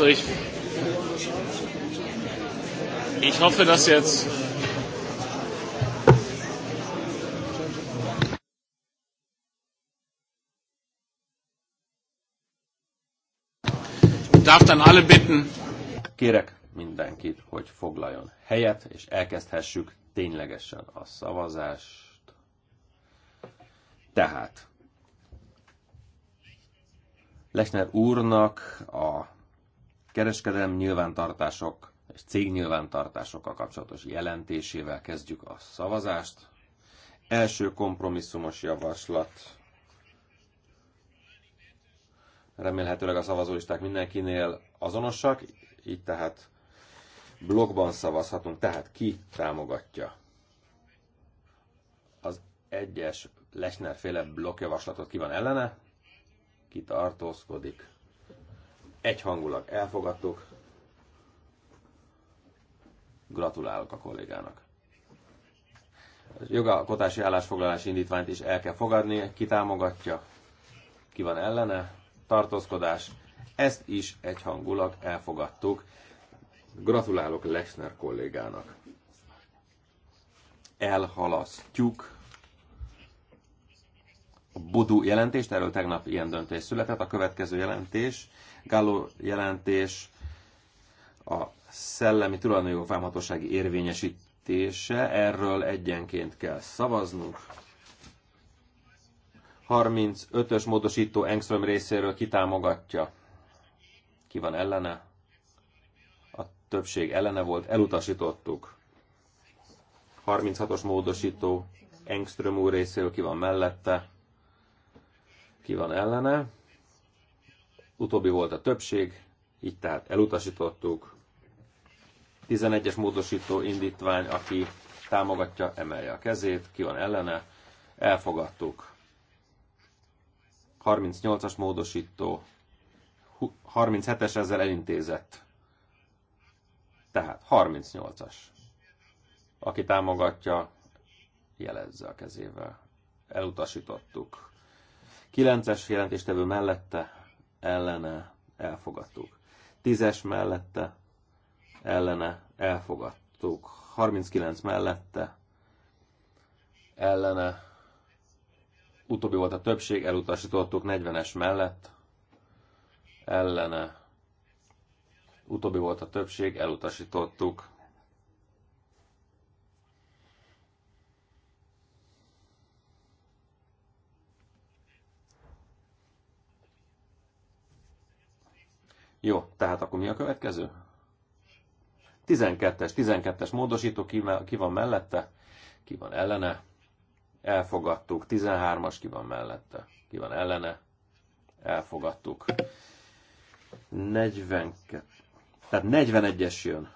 Also ich, ich hoffe, dass jetzt. Darf dann alle bitten. Kérek mindenkit, hogy foglaljon helyet, és elkezdhessük ténylegesen a szavazást. Tehát Lechner úrnak a kereskedelmi nyilvántartások és cégnyilvántartásokkal kapcsolatos jelentésével kezdjük a szavazást. Első kompromisszumos javaslat. Remélhetőleg a szavazólisták mindenkinél azonosak, így tehát blogban szavazhatunk, tehát ki támogatja az egyes Lesner féle blokkjavaslatot ki van ellene, ki tartózkodik Egyhangulag elfogadtuk. Gratulálok a kollégának. A jogalkotási állásfoglalási indítványt is el kell fogadni. Ki támogatja? Ki van ellene? Tartózkodás. Ezt is egyhangulag elfogadtuk. Gratulálok Lechner kollégának. Elhalasztjuk a Bodu jelentést, erről tegnap ilyen döntés született. A következő jelentés Gallo jelentés, a szellemi tulajdonjogok vámhatósági érvényesítése, erről egyenként kell szavaznunk. 35-ös módosító Engström részéről kitámogatja. Ki van ellene? A többség ellene volt, elutasítottuk. 36-os módosító Engström úr részéről ki van mellette? Ki van ellene? utóbbi volt a többség, így tehát elutasítottuk. 11-es módosító indítvány, aki támogatja, emelje a kezét, ki van ellene, elfogadtuk. 38-as módosító, 37-es ezzel elintézett. Tehát 38-as. Aki támogatja, jelezze a kezével. Elutasítottuk. 9-es jelentéstevő mellette ellene elfogadtuk. Tízes mellette ellene elfogadtuk. 39 mellette ellene utóbbi volt a többség, elutasítottuk 40-es mellett ellene utóbbi volt a többség, elutasítottuk Jó, tehát akkor mi a következő? 12-es, 12-es módosító, ki, ki van mellette, ki van ellene. Elfogadtuk. 13-as, ki van mellette, ki van ellene. Elfogadtuk. 42. Tehát 41-es jön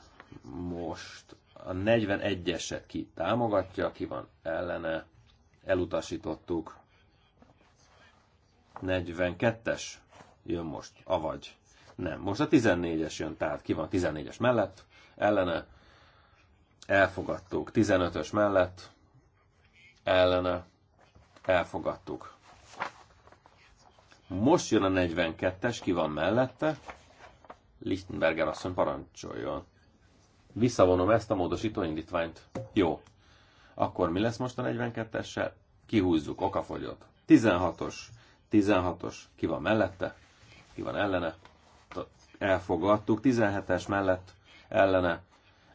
most. A 41-eset ki támogatja, ki van ellene. Elutasítottuk. 42-es jön most, avagy nem. Most a 14-es jön, tehát ki van 14-es mellett, ellene, elfogadtuk. 15-ös mellett, ellene, elfogadtuk. Most jön a 42-es, ki van mellette? Lichtenberger asszony parancsoljon. Visszavonom ezt a módosító indítványt. Jó. Akkor mi lesz most a 42-essel? Kihúzzuk, okafogyott. 16-os, 16-os, ki van mellette, ki van ellene, elfogadtuk, 17-es mellett ellene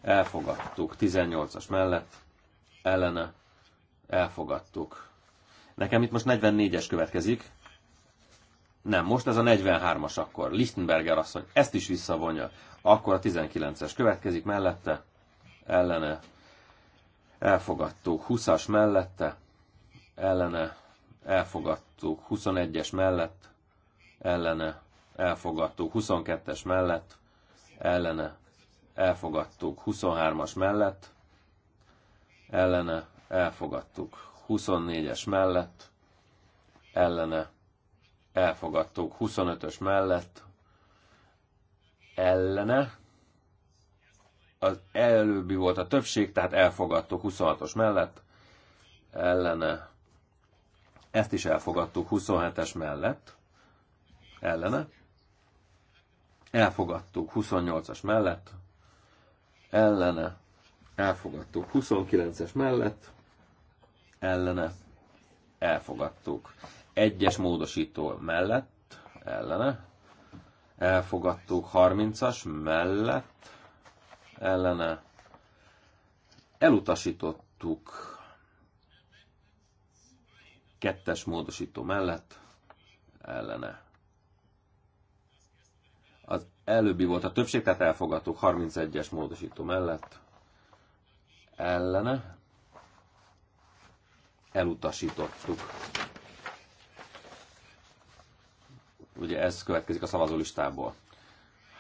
elfogadtuk, 18-as mellett ellene elfogadtuk. Nekem itt most 44-es következik. Nem, most ez a 43-as akkor. Lichtenberger asszony ezt is visszavonja. Akkor a 19-es következik mellette, ellene elfogadtuk, 20-as mellette, ellene elfogadtuk, 21-es mellett, ellene elfogadtuk. 22-es mellett ellene elfogadtuk. 23-as mellett ellene elfogadtuk. 24-es mellett ellene elfogadtuk. 25-ös mellett ellene az előbbi volt a többség, tehát elfogadtuk 26-os mellett, ellene, ezt is elfogadtuk 27-es mellett, ellene, elfogadtuk 28-as mellett, ellene, elfogadtuk 29-es mellett, ellene, elfogadtuk. Egyes módosító mellett, ellene, elfogadtuk 30-as mellett, ellene, elutasítottuk kettes módosító mellett, ellene az előbbi volt a többség, tehát elfogadtuk 31-es módosító mellett. Ellene. Elutasítottuk. Ugye ez következik a szavazólistából.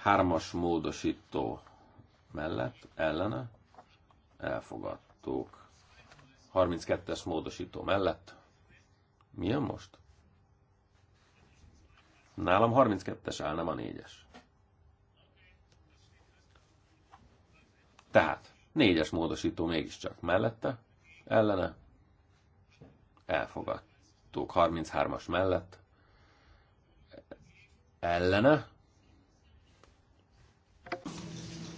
Hármas módosító mellett, ellene. Elfogadtuk. 32-es módosító mellett. Milyen most? Nálam 32-es áll, nem a 4-es. Tehát, négyes módosító mégiscsak mellette, ellene, elfogadtuk. 33-as mellett, ellene.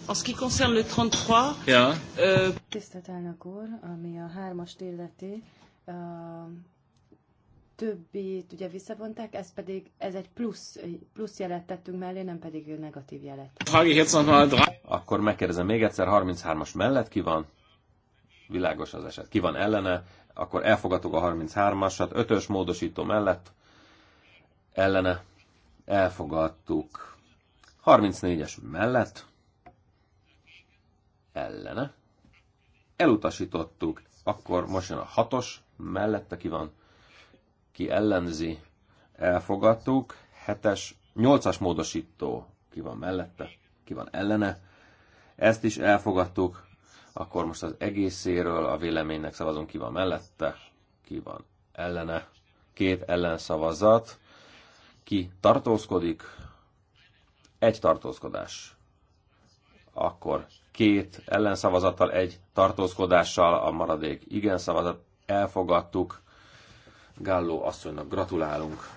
En ce qui concerne le 33, ja. euh... Tisztelt elnök úr, ami a hármast illeti, uh többit ugye visszavonták, ez pedig, ez egy plusz, plusz jelet tettünk mellé, nem pedig negatív jelet. Akkor megkérdezem még egyszer, 33-as mellett ki van? Világos az eset. Ki van ellene? Akkor elfogadok a 33-asat, 5-ös módosító mellett ellene elfogadtuk. 34-es mellett ellene elutasítottuk. Akkor most jön a 6-os, mellette ki van ki ellenzi, elfogadtuk, 7-es, 8-as módosító, ki van mellette, ki van ellene, ezt is elfogadtuk, akkor most az egészéről a véleménynek szavazunk, ki van mellette, ki van ellene, két ellenszavazat, ki tartózkodik, egy tartózkodás. Akkor két ellenszavazattal, egy tartózkodással a maradék igen szavazat elfogadtuk. Gálló asszonynak gratulálunk.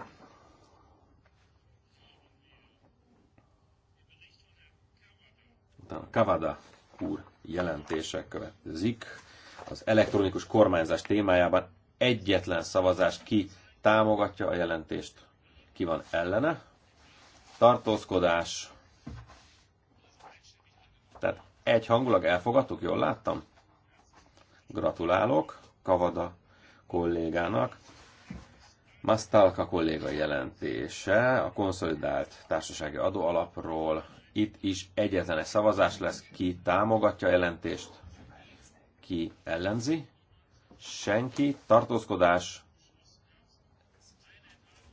Utána Kavada úr jelentése következik. Az elektronikus kormányzás témájában egyetlen szavazás ki támogatja a jelentést, ki van ellene. Tartózkodás. Tehát egy hangulag elfogadtuk, jól láttam? Gratulálok Kavada kollégának. Masztalka kolléga jelentése a konszolidált társasági adóalapról. Itt is egyetlen egy szavazás lesz, ki támogatja a jelentést, ki ellenzi. Senki, tartózkodás,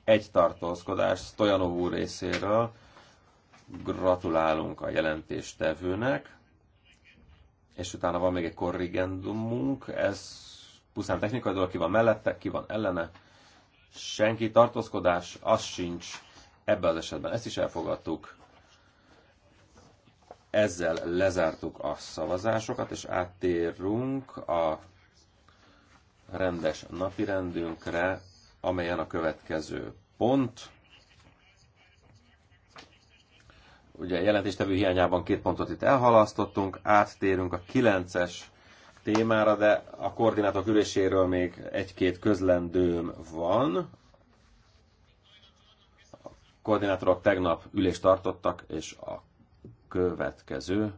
egy tartózkodás Stojanov úr részéről. Gratulálunk a jelentéstevőnek. És utána van még egy korrigendumunk, ez pusztán technikai dolog, ki van mellette, ki van ellene senki, tartózkodás, az sincs ebben az esetben. Ezt is elfogadtuk. Ezzel lezártuk a szavazásokat, és áttérünk a rendes napirendünkre, amelyen a következő pont. Ugye jelentéstevő hiányában két pontot itt elhalasztottunk, áttérünk a 9-es témára, de a koordinátok üléséről még egy-két közlendőm van. A koordinátorok tegnap ülést tartottak, és a következő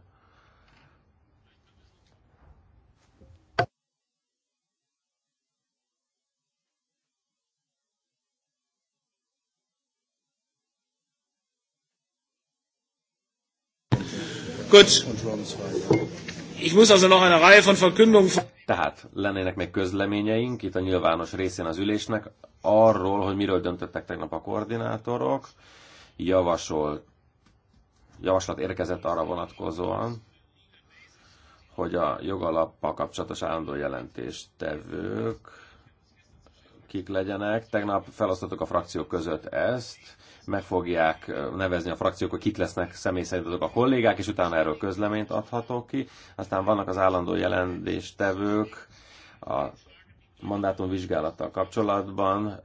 Good. Ich muss also noch eine Reihe von Verkündungen... Tehát lennének még közleményeink itt a nyilvános részén az ülésnek arról, hogy miről döntöttek tegnap a koordinátorok. Javasol, javaslat érkezett arra vonatkozóan, hogy a jogalappal kapcsolatos állandó tevők kik legyenek. Tegnap felosztottuk a frakciók között ezt, meg fogják nevezni a frakciók, hogy kik lesznek személy szerint azok a kollégák, és utána erről közleményt adhatok ki. Aztán vannak az állandó jelentéstevők a mandátum vizsgálattal kapcsolatban.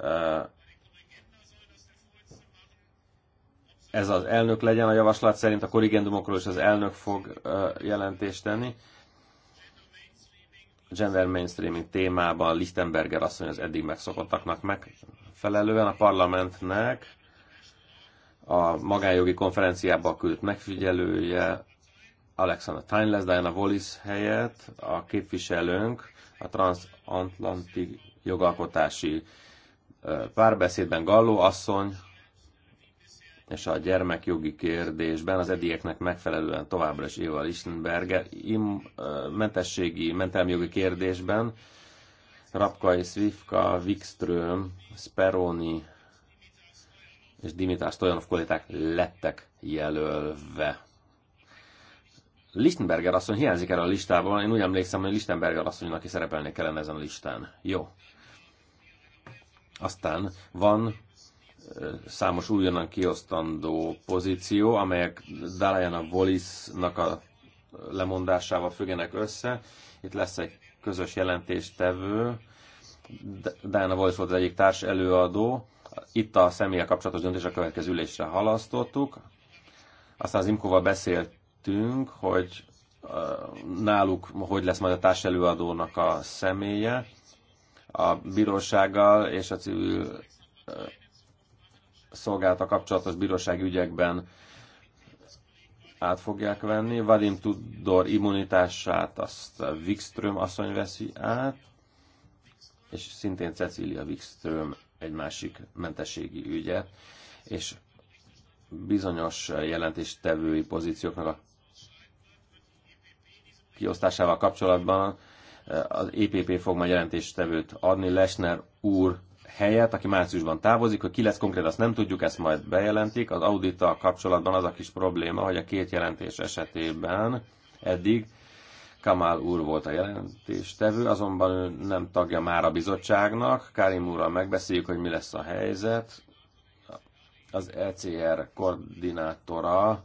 Ez az elnök legyen a javaslat szerint, a korrigendumokról is az elnök fog jelentést tenni gender mainstreaming témában Lichtenberger asszony az eddig megszokottaknak megfelelően a parlamentnek a magánjogi konferenciába küldt megfigyelője, Alexander Tyne lesz Diana Wallis helyett, a képviselőnk a transatlanti jogalkotási párbeszédben Galló asszony, és a gyermekjogi kérdésben az edieknek megfelelően továbbra is Éva Lichtenberger, im, mentességi, mentelmi jogi kérdésben Rapkai, Swifka, Wikström, Speroni és Dimitrás Stojanov kollégák lettek jelölve. Lichtenberger asszony hiányzik erre a listában, én úgy emlékszem, hogy Lichtenberger asszonynak is szerepelni kellene ezen a listán. Jó. Aztán van számos újonnan kiosztandó pozíció, amelyek Diana Wallisnak a lemondásával függenek össze. Itt lesz egy közös jelentéstevő. Diana Wallis volt az egyik társ előadó, itt a személye kapcsolatos döntés a következő ülésre halasztottuk. Aztán az Imkóval beszéltünk, hogy náluk hogy lesz majd a társelőadónak a személye. A bírósággal és a civil szolgálta kapcsolatos bírósági ügyekben át fogják venni. Vadim Tudor immunitását azt Wikström asszony veszi át, és szintén Cecília Wikström egy másik mentességi ügyet, és bizonyos jelentéstevői pozícióknak a kiosztásával kapcsolatban eh, az EPP fog majd jelentéstevőt adni Lesner úr helyett, aki márciusban távozik, hogy ki lesz konkrét, azt nem tudjuk, ezt majd bejelentik. Az audittal kapcsolatban az a kis probléma, hogy a két jelentés esetében eddig Kamal úr volt a jelentéstevő, azonban ő nem tagja már a bizottságnak. Karim úrral megbeszéljük, hogy mi lesz a helyzet. Az ECR koordinátora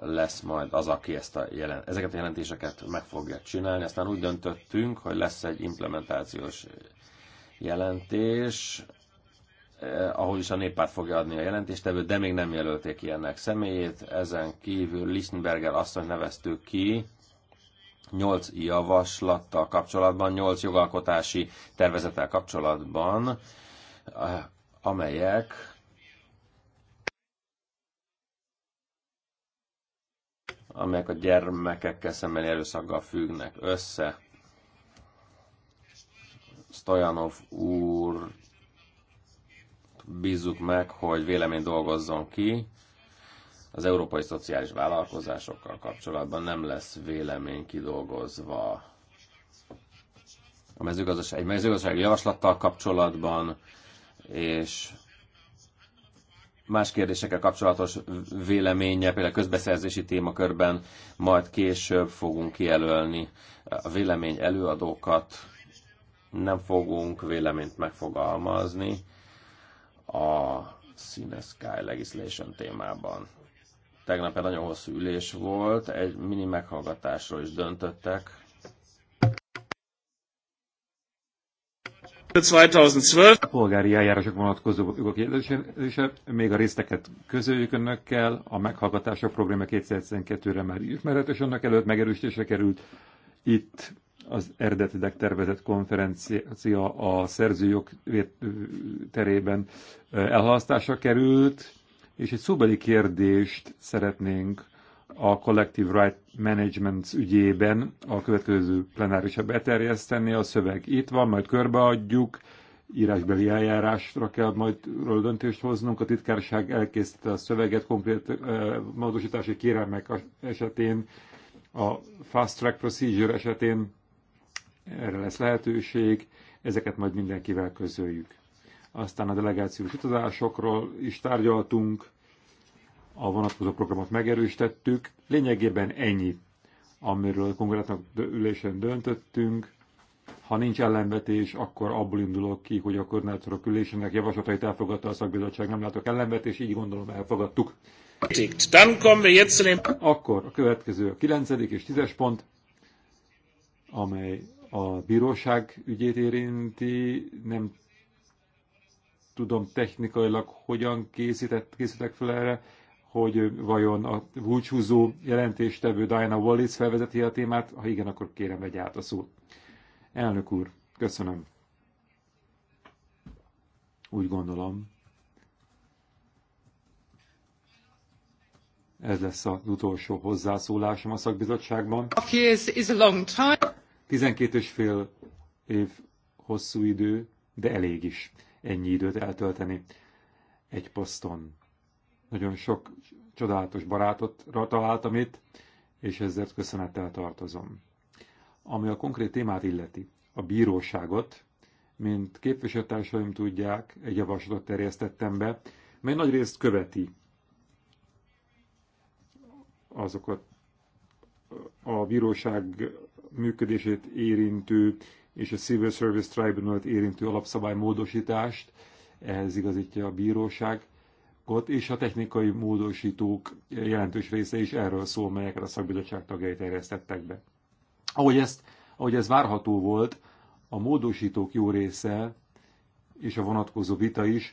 lesz majd az, aki ezt a jelen, ezeket a jelentéseket meg fogja csinálni. Aztán úgy döntöttünk, hogy lesz egy implementációs jelentés, eh, ahol is a néppárt fogja adni a jelentéstevőt, de még nem jelölték ki ennek személyét. Ezen kívül Lichtenberger asszony neveztük ki, nyolc javaslattal kapcsolatban, nyolc jogalkotási tervezettel kapcsolatban, eh, amelyek amelyek a gyermekekkel szembeni erőszakkal függnek össze. Stojanov úr bízzuk meg, hogy vélemény dolgozzon ki, az európai szociális vállalkozásokkal kapcsolatban nem lesz vélemény kidolgozva a mezőgazdaság, egy mezőgazdasági javaslattal kapcsolatban, és más kérdésekkel kapcsolatos véleménye, például közbeszerzési témakörben majd később fogunk kijelölni a vélemény előadókat, nem fogunk véleményt megfogalmazni a Cine Sky Legislation témában. Tegnap egy nagyon hosszú ülés volt, egy mini meghallgatásról is döntöttek. 2012. A polgári eljárások vonatkozó jogok jelölése, még a részteket közöljük önökkel, a meghallgatások programja 2012-re már ismeretes, annak előtt megerősítésre került itt az eredetileg tervezett konferencia a szerzőjog terében eh, elhalasztásra került, és egy szóbeli kérdést szeretnénk a Collective Right Management ügyében a következő plenárisra beterjeszteni. A szöveg itt van, majd körbeadjuk, írásbeli eljárásra kell majd döntést hoznunk. A titkárság elkészítette a szöveget konkrét eh, módosítási kérelmek esetén, a fast track procedure esetén erre lesz lehetőség, ezeket majd mindenkivel közöljük aztán a delegációs utazásokról is tárgyaltunk, a vonatkozó programot megerősítettük. Lényegében ennyi, amiről konkrétan ülésen döntöttünk. Ha nincs ellenvetés, akkor abból indulok ki, hogy a koordinátorok ülésének javaslatait elfogadta a szakbizottság, nem látok ellenvetés, így gondolom elfogadtuk. Akkor a következő a 9. és 10 pont, amely a bíróság ügyét érinti, nem tudom technikailag hogyan készített, készítek fel erre, hogy vajon a búcsúzó jelentéstevő Diana Wallis felvezeti a témát, ha igen, akkor kérem, vegye át a szót. Elnök úr, köszönöm. Úgy gondolom. Ez lesz az utolsó hozzászólásom a szakbizottságban. 12 és fél év hosszú idő, de elég is ennyi időt eltölteni egy poszton. Nagyon sok csodálatos barátot találtam itt, és ezért köszönettel tartozom. Ami a konkrét témát illeti, a bíróságot, mint képviselőtársaim tudják, egy javaslatot terjesztettem be, mely nagy részt követi azokat a bíróság működését érintő és a Civil Service Tribunal-t érintő alapszabály módosítást, ehhez igazítja a bíróságot, és a technikai módosítók jelentős része is erről szól, melyeket a szakbizottság tagjai terjesztettek be. Ahogy, ezt, ahogy ez várható volt, a módosítók jó része és a vonatkozó vita is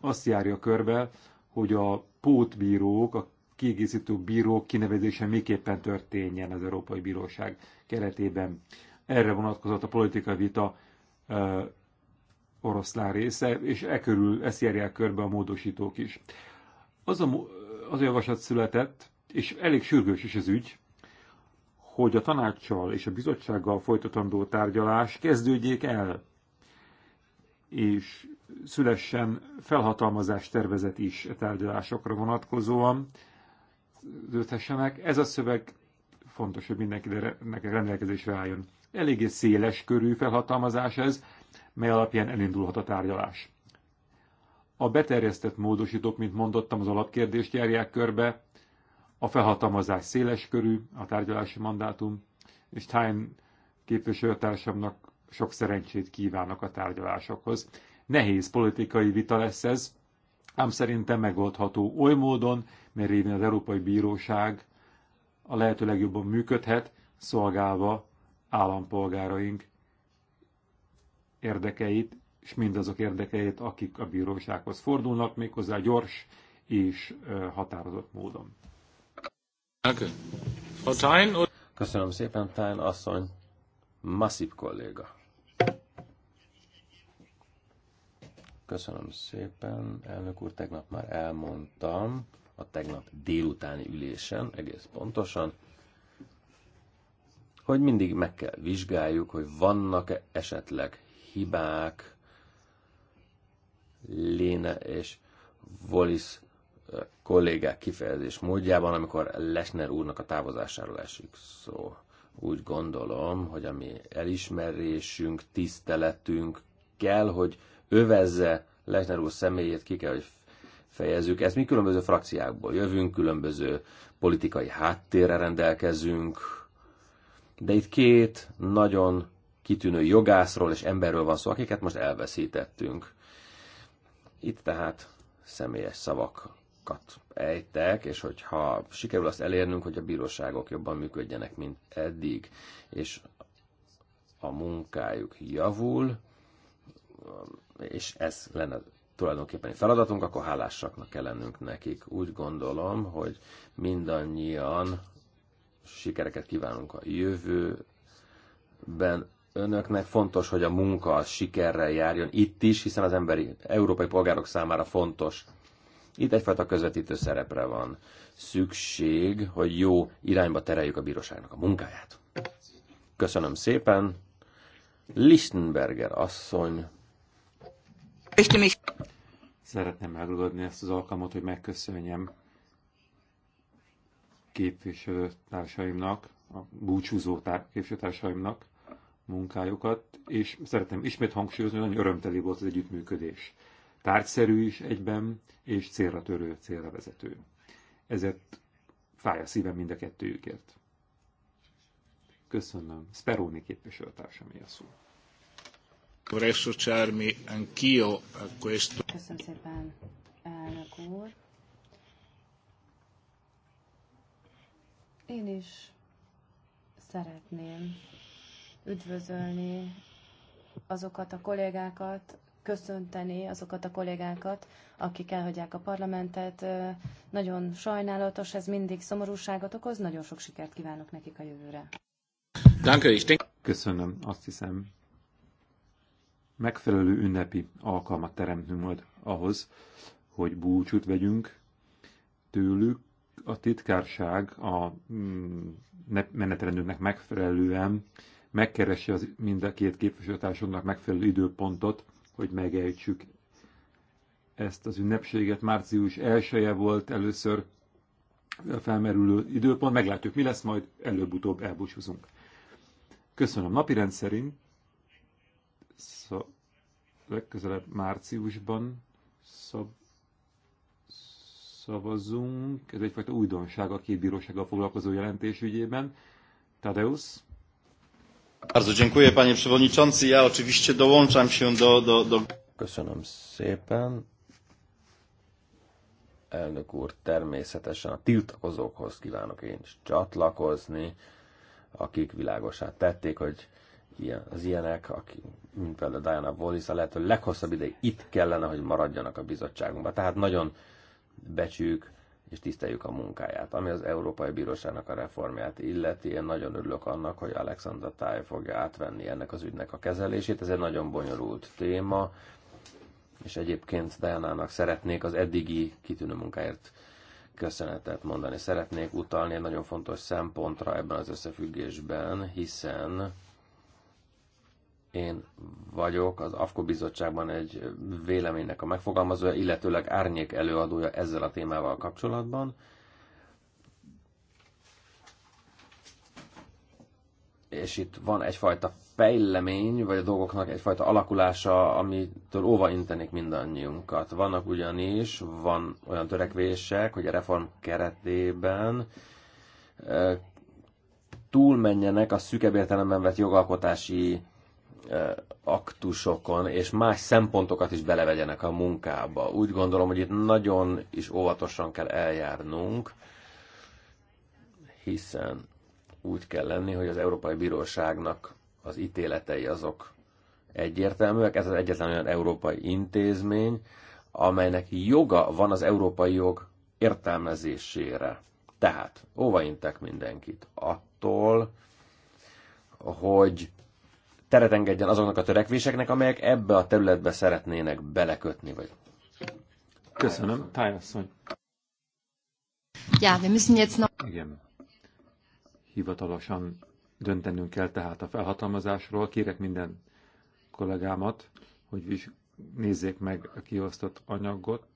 azt járja körbe, hogy a pótbírók, a kiegészítő bírók kinevezése miképpen történjen az Európai Bíróság keretében. Erre vonatkozott a politikai vita e, oroszlán része, és e körül ezt járják körbe a módosítók is. Az a, az a javaslat született, és elég sürgős is az ügy, hogy a tanácssal és a bizottsággal folytatandó tárgyalás kezdődjék el, és szülessen felhatalmazás tervezet is a e tárgyalásokra vonatkozóan, zöldhessenek. Ez a szöveg fontos, hogy mindenkinek rendelkezésre álljon. Eléggé széles körű felhatalmazás ez, mely alapján elindulhat a tárgyalás. A beterjesztett módosítók, mint mondottam, az alapkérdést járják körbe, a felhatalmazás széles körű, a tárgyalási mandátum, és Time képviselőtársamnak sok szerencsét kívánok a tárgyalásokhoz. Nehéz politikai vita lesz ez, ám szerintem megoldható oly módon, mert révén az Európai Bíróság a lehető legjobban működhet, szolgálva állampolgáraink érdekeit, és mindazok érdekeit, akik a bírósághoz fordulnak, méghozzá gyors és határozott módon. Köszönöm szépen, Tájn asszony, masszív kolléga. Köszönöm szépen, elnök úr, tegnap már elmondtam a tegnap délutáni ülésen, egész pontosan, hogy mindig meg kell vizsgáljuk, hogy vannak-e esetleg hibák, Léne és Wallis kollégák kifejezés módjában, amikor Lesner úrnak a távozásáról esik szó. Úgy gondolom, hogy a mi elismerésünk, tiszteletünk kell, hogy övezze Lesner úr személyét, ki kell, hogy fejezzük. Ezt mi különböző frakciákból jövünk, különböző politikai háttérre rendelkezünk, de itt két nagyon kitűnő jogászról és emberről van szó, akiket most elveszítettünk. Itt tehát személyes szavakat ejtek, és hogyha sikerül azt elérnünk, hogy a bíróságok jobban működjenek, mint eddig, és a munkájuk javul, és ez lenne tulajdonképpen feladatunk, akkor hálásaknak kell lennünk nekik. Úgy gondolom, hogy mindannyian sikereket kívánunk a jövőben. Önöknek fontos, hogy a munka a sikerrel járjon itt is, hiszen az emberi, európai polgárok számára fontos. Itt egyfajta közvetítő szerepre van szükség, hogy jó irányba tereljük a bíróságnak a munkáját. Köszönöm szépen. Lichtenberger asszony. Szeretném megragadni ezt az alkalmat, hogy megköszönjem képviselőtársaimnak, a búcsúzó képviselőtársaimnak munkájukat, és szeretném ismét hangsúlyozni, hogy nagyon örömteli volt az együttműködés. Tárgyszerű is egyben, és célra törő, célra vezető. Ezért fáj a szívem mind a kettőjükért. Köszönöm. Speroni képviselőtársam a szó. a Köszönöm szépen, elnök úr. Én is szeretném üdvözölni azokat a kollégákat, köszönteni azokat a kollégákat, akik elhagyják a parlamentet. Nagyon sajnálatos, ez mindig szomorúságot okoz, nagyon sok sikert kívánok nekik a jövőre. Köszönöm, azt hiszem. Megfelelő ünnepi alkalmat teremtünk majd ahhoz, hogy búcsút vegyünk tőlük, a titkárság a mm, menetrendünknek megfelelően megkeresi az mind a két képviselőtársunknak megfelelő időpontot, hogy megejtsük ezt az ünnepséget. Március 1 -e volt először felmerülő időpont, meglátjuk mi lesz, majd előbb-utóbb elbúcsúzunk. Köszönöm. Napirend szerint szó, legközelebb márciusban szab szavazzunk. Ez egyfajta újdonság a két bírósággal foglalkozó jelentés ügyében. Tadeusz? Bardzo dziękuję, panie przewodniczący. Ja oczywiście dołączam się do... do, do... Köszönöm szépen. Elnök úr, természetesen a tiltakozókhoz kívánok én is csatlakozni, akik világosá tették, hogy ilyen, az ilyenek, aki, mint például Diana Wallis, a lehető leghosszabb ideig itt kellene, hogy maradjanak a bizottságunkban. Tehát nagyon becsüljük és tiszteljük a munkáját. Ami az Európai Bíróságnak a reformját illeti, én nagyon örülök annak, hogy Alexandra Táj fogja átvenni ennek az ügynek a kezelését. Ez egy nagyon bonyolult téma, és egyébként Dejanának szeretnék az eddigi kitűnő munkáért köszönetet mondani. Szeretnék utalni egy nagyon fontos szempontra ebben az összefüggésben, hiszen én vagyok az AFKO bizottságban egy véleménynek a megfogalmazója, illetőleg árnyék előadója ezzel a témával kapcsolatban. És itt van egyfajta fejlemény, vagy a dolgoknak egyfajta alakulása, amitől óva intenik mindannyiunkat. Vannak ugyanis, van olyan törekvések, hogy a reform keretében eh, túlmenjenek a szükebb értelemben vett jogalkotási aktusokon és más szempontokat is belevegyenek a munkába. Úgy gondolom, hogy itt nagyon is óvatosan kell eljárnunk, hiszen úgy kell lenni, hogy az Európai Bíróságnak az ítéletei azok egyértelműek. Ez az egyetlen olyan európai intézmény, amelynek joga van az európai jog értelmezésére. Tehát óvaintek mindenkit attól, hogy teret engedjen azoknak a törekvéseknek, amelyek ebbe a területbe szeretnének belekötni. Vagy... Köszönöm, tájasszony. Ja, wir müssen jetzt noch... Igen. Hivatalosan döntenünk kell tehát a felhatalmazásról. Kérek minden kollégámat, hogy nézzék meg a kiosztott anyagot,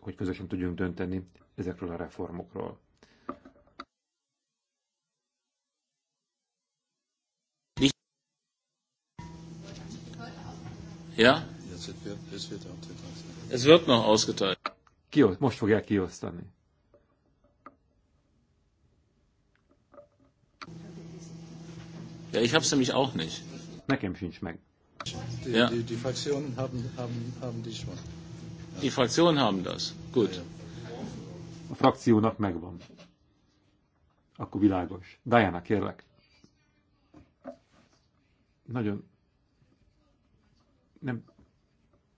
hogy közösen tudjunk dönteni ezekről a reformokról. Ja? Ez wird noch ausgeteilt. Kioszt, most fogják kiosztani. Ja, ich hab's nämlich auch nicht. Nekem sincs meg. Die, ja. die, die Fraktionen haben, haben, haben die schon. Ja. Die Fraktionen haben das. Gut. Ja. A frakciónak megvan. Akkor világos. Diana, kérlek. Nagyon nem,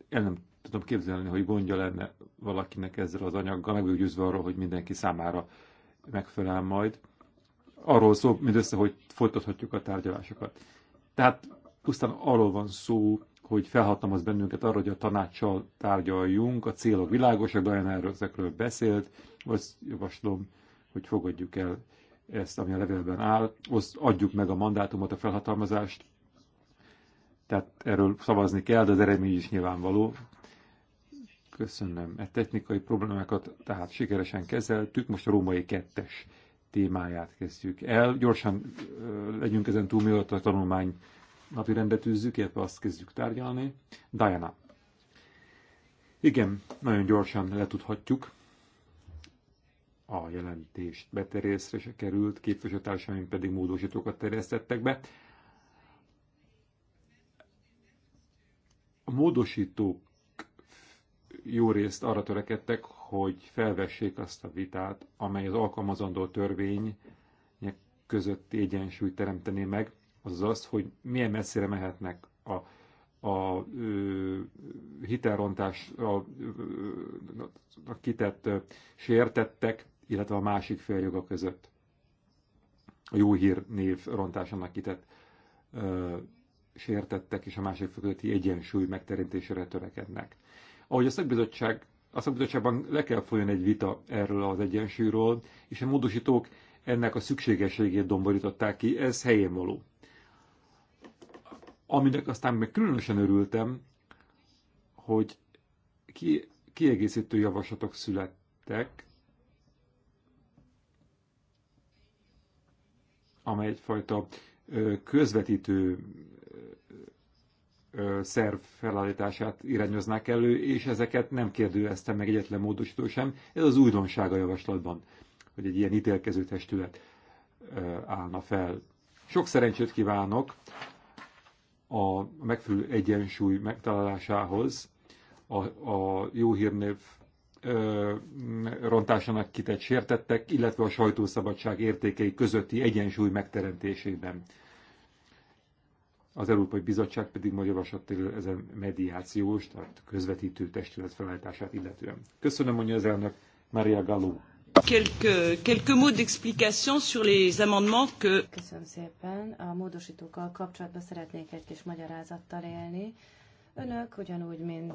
el nem tudom képzelni, hogy gondja lenne valakinek ezzel az anyaggal, meggyőzve arról, hogy mindenki számára megfelel majd. Arról szó mindössze, hogy folytathatjuk a tárgyalásokat. Tehát pusztán arról van szó, hogy felhatalmaz bennünket arra, hogy a tanácssal tárgyaljunk, a célok világosak, olyan erről ezekről beszélt, azt javaslom, hogy fogadjuk el ezt, ami a levélben áll, azt adjuk meg a mandátumot, a felhatalmazást tehát erről szavazni kell, de az eredmény is nyilvánvaló. Köszönöm. E technikai problémákat tehát sikeresen kezeltük, most a római kettes témáját kezdjük el. Gyorsan legyünk ezen túl, mielőtt a tanulmány napi rendet űzzük, illetve azt kezdjük tárgyalni. Diana. Igen, nagyon gyorsan letudhatjuk. A jelentést beterészre se került, képviselőtársaim pedig módosítókat terjesztettek be. A módosítók jó részt arra törekedtek, hogy felvessék azt a vitát, amely az alkalmazandó törvény közötti egyensúlyt teremtené meg, az az, hogy milyen messzire mehetnek a, a a hitelrontás, a, a, a kitett sértettek, illetve a másik fél joga között. A jó hír név rontásának kitett sértettek és a másik közötti egyensúly megteremtésére törekednek. Ahogy a szakbizottság, a szakbizottságban le kell folyjon egy vita erről az egyensúlyról, és a módosítók ennek a szükségességét domborították ki, ez helyén való. Aminek aztán meg különösen örültem, hogy ki, kiegészítő javaslatok születtek, amely egyfajta közvetítő szerv felállítását irányoznák elő, és ezeket nem kérdőezte meg egyetlen módosító sem. Ez az újdonság a javaslatban, hogy egy ilyen ítélkező testület állna fel. Sok szerencsét kívánok a megfelelő egyensúly megtalálásához, a, a jó hírnév rontásának kitett sértettek, illetve a sajtószabadság értékei közötti egyensúly megteremtésében. Az Európai Bizottság pedig majd javaslott ezen mediációs, tehát közvetítő testület felállítását illetően. Köszönöm, mondja az elnök Maria Galló. Quelques, quelques mots d'explication sur les amendements que... Köszönöm szépen. A módosítókkal kapcsolatban szeretnék egy kis magyarázattal élni. Önök ugyanúgy, mint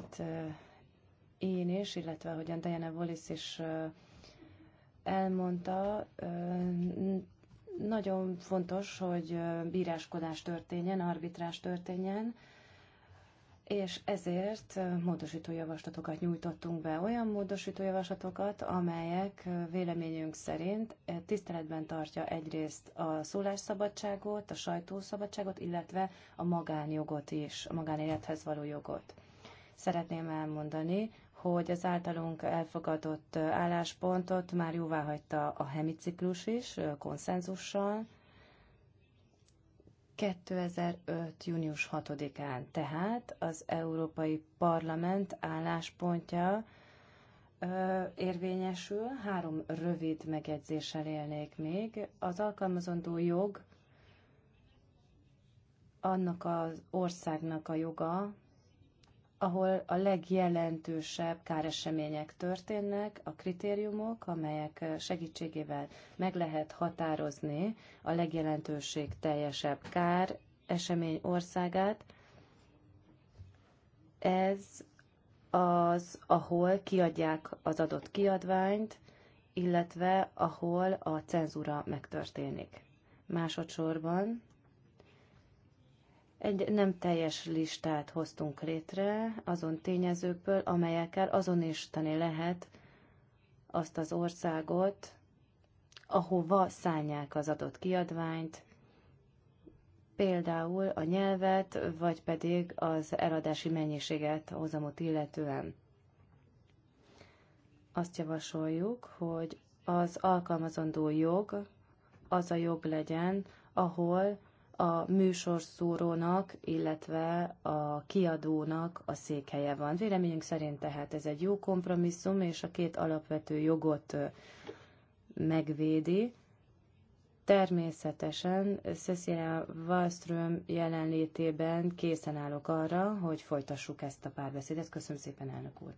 én is, illetve ahogyan Diana Wallis is elmondta, nagyon fontos, hogy bíráskodás történjen, arbitrás történjen, és ezért módosítójavaslatokat nyújtottunk be, olyan módosítójavaslatokat, amelyek véleményünk szerint tiszteletben tartja egyrészt a szólásszabadságot, a sajtószabadságot, illetve a magánjogot is, a magánélethez való jogot. Szeretném elmondani, hogy az általunk elfogadott álláspontot már jóvá hagyta a hemiciklus is konszenzussal 2005. június 6-án. Tehát az Európai Parlament álláspontja érvényesül. Három rövid megjegyzéssel élnék még. Az alkalmazandó jog annak az országnak a joga, ahol a legjelentősebb káresemények történnek, a kritériumok, amelyek segítségével meg lehet határozni a legjelentőség teljesebb kár esemény országát. Ez az, ahol kiadják az adott kiadványt, illetve ahol a cenzúra megtörténik. Másodszorban egy nem teljes listát hoztunk létre azon tényezőkből, amelyekkel azonosítani lehet azt az országot, ahova szállják az adott kiadványt, például a nyelvet, vagy pedig az eladási mennyiséget, hozamot illetően. Azt javasoljuk, hogy az alkalmazandó jog az a jog legyen, ahol a műsorszórónak, illetve a kiadónak a székhelye van. Véleményünk szerint tehát ez egy jó kompromisszum, és a két alapvető jogot megvédi. Természetesen Cecilia Wallström jelenlétében készen állok arra, hogy folytassuk ezt a párbeszédet. Köszönöm szépen, elnök úr!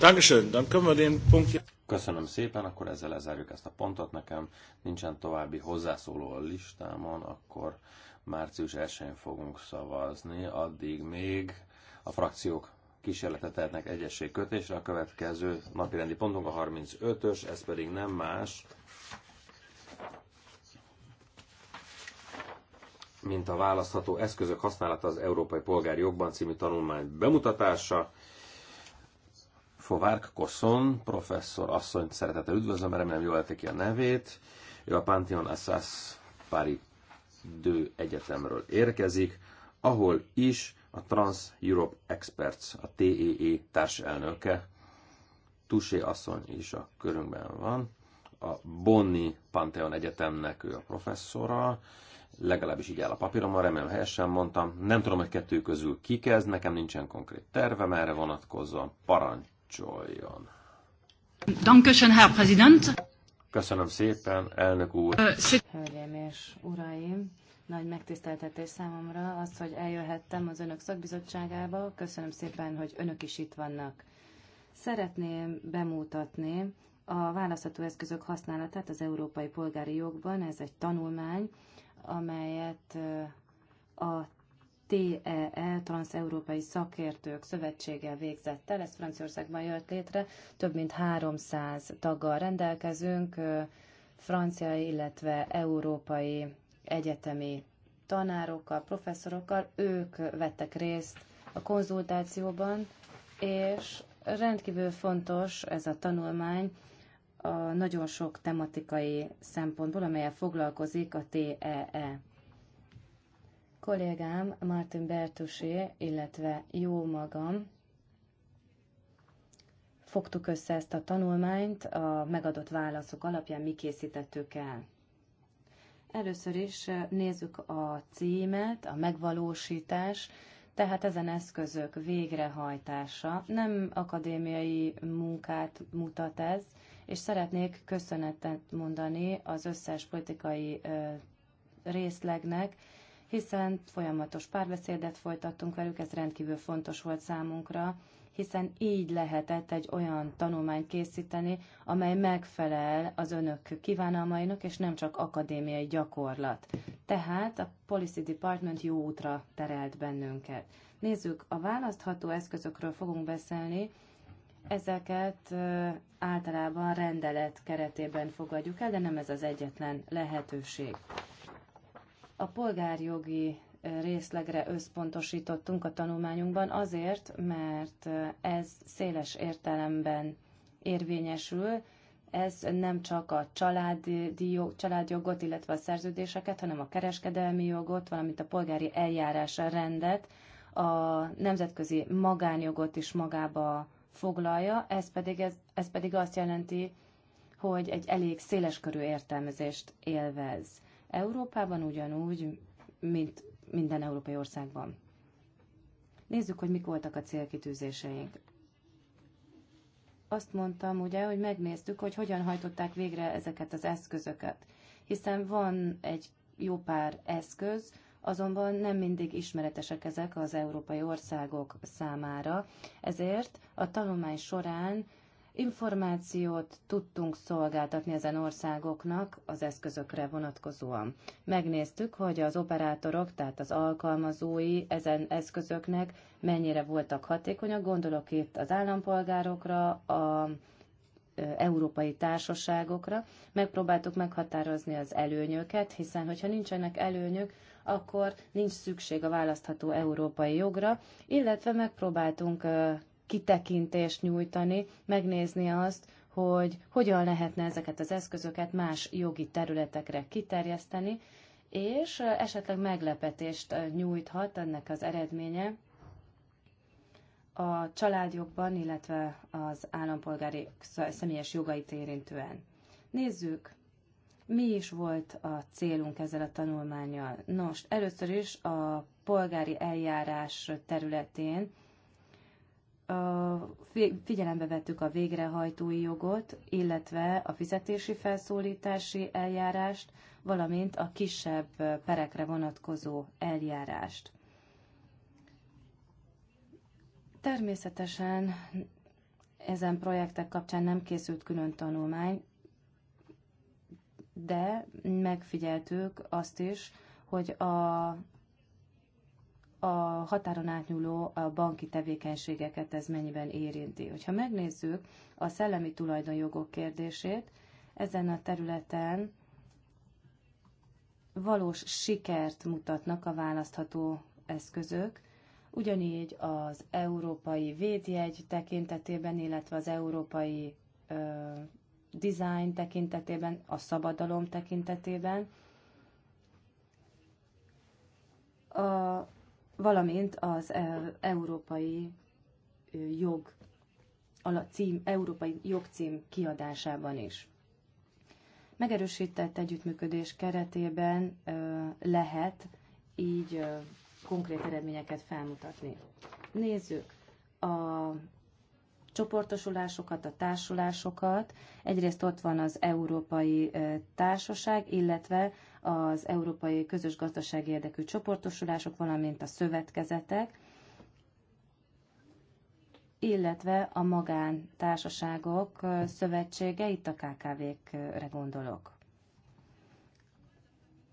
Dankeschön, dann können wir den Punkt... Köszönöm szépen, akkor ezzel lezárjuk ezt a pontot. Nekem nincsen további hozzászóló a listámon, akkor március 1-én fogunk szavazni. Addig még a frakciók kísérletet tehetnek egyességkötésre. A következő napirendi pontunk a 35-ös, ez pedig nem más, mint a választható eszközök használata az Európai Polgári Jogban című tanulmány bemutatása. Fovárk Koszon, professzor asszonyt szeretettel üdvözlöm, remélem jól értik ki a nevét. Ő a Pantheon Assas Pári Dő Egyetemről érkezik, ahol is a Trans Europe Experts, a TEE e társelnöke, Tusé asszony is a körünkben van. A Bonni Pantheon Egyetemnek ő a professzora, legalábbis így áll a papírom, remélem helyesen mondtam. Nem tudom, hogy kettő közül ki kezd, nekem nincsen konkrét tervem erre vonatkozóan. Parancs! kapcsoljon. Dankeschön, Herr Präsident. Köszönöm szépen, elnök úr. Hölgyeim és uraim, nagy megtiszteltetés számomra az, hogy eljöhettem az önök szakbizottságába. Köszönöm szépen, hogy önök is itt vannak. Szeretném bemutatni a választható eszközök használatát az európai polgári jogban. Ez egy tanulmány, amelyet a TEE, Transeurópai Szakértők Szövetsége végzett el, ez Franciaországban jött létre, több mint 300 taggal rendelkezünk, francia, illetve európai egyetemi tanárokkal, professzorokkal, ők vettek részt a konzultációban, és rendkívül fontos ez a tanulmány a nagyon sok tematikai szempontból, amelyel foglalkozik a TEE. E kollégám Martin Bertusé, illetve jó magam, fogtuk össze ezt a tanulmányt, a megadott válaszok alapján mi készítettük el. Először is nézzük a címet, a megvalósítás, tehát ezen eszközök végrehajtása. Nem akadémiai munkát mutat ez, és szeretnék köszönetet mondani az összes politikai részlegnek, hiszen folyamatos párbeszédet folytattunk velük, ez rendkívül fontos volt számunkra, hiszen így lehetett egy olyan tanulmányt készíteni, amely megfelel az önök kívánalmainak, és nem csak akadémiai gyakorlat. Tehát a Policy Department jó útra terelt bennünket. Nézzük, a választható eszközökről fogunk beszélni, Ezeket általában rendelet keretében fogadjuk el, de nem ez az egyetlen lehetőség. A polgárjogi részlegre összpontosítottunk a tanulmányunkban azért, mert ez széles értelemben érvényesül, ez nem csak a családi jog, családjogot, illetve a szerződéseket, hanem a kereskedelmi jogot, valamint a polgári eljárásra rendet, a nemzetközi magánjogot is magába foglalja, ez pedig, ez, ez pedig azt jelenti, hogy egy elég széleskörű értelmezést élvez. Európában ugyanúgy, mint minden európai országban. Nézzük, hogy mik voltak a célkitűzéseink. Azt mondtam ugye, hogy megnéztük, hogy hogyan hajtották végre ezeket az eszközöket. Hiszen van egy jó pár eszköz, azonban nem mindig ismeretesek ezek az európai országok számára. Ezért a tanulmány során Információt tudtunk szolgáltatni ezen országoknak az eszközökre vonatkozóan. Megnéztük, hogy az operátorok, tehát az alkalmazói ezen eszközöknek mennyire voltak hatékonyak. Gondolok itt az állampolgárokra, a európai társaságokra. Megpróbáltuk meghatározni az előnyöket, hiszen hogyha nincsenek előnyök, akkor nincs szükség a választható európai jogra, illetve megpróbáltunk kitekintést nyújtani, megnézni azt, hogy hogyan lehetne ezeket az eszközöket más jogi területekre kiterjeszteni, és esetleg meglepetést nyújthat ennek az eredménye a családjogban, illetve az állampolgári személyes jogait érintően. Nézzük, mi is volt a célunk ezzel a tanulmányjal. Nos, először is a polgári eljárás területén figyelembe vettük a végrehajtói jogot, illetve a fizetési felszólítási eljárást, valamint a kisebb perekre vonatkozó eljárást. Természetesen ezen projektek kapcsán nem készült külön tanulmány, de megfigyeltük azt is, hogy a a határon átnyúló a banki tevékenységeket ez mennyiben érinti. Hogyha megnézzük a szellemi tulajdonjogok kérdését, ezen a területen valós sikert mutatnak a választható eszközök, ugyanígy az európai védjegy tekintetében, illetve az európai ö, design tekintetében, a szabadalom tekintetében. A valamint az e, európai jog cím európai jogcím kiadásában is. Megerősített együttműködés keretében lehet így konkrét eredményeket felmutatni. Nézzük a csoportosulásokat, a társulásokat. Egyrészt ott van az Európai Társaság, illetve az Európai Közös Gazdaság Érdekű Csoportosulások, valamint a szövetkezetek, illetve a magántársaságok szövetsége, itt a KKV-kre gondolok.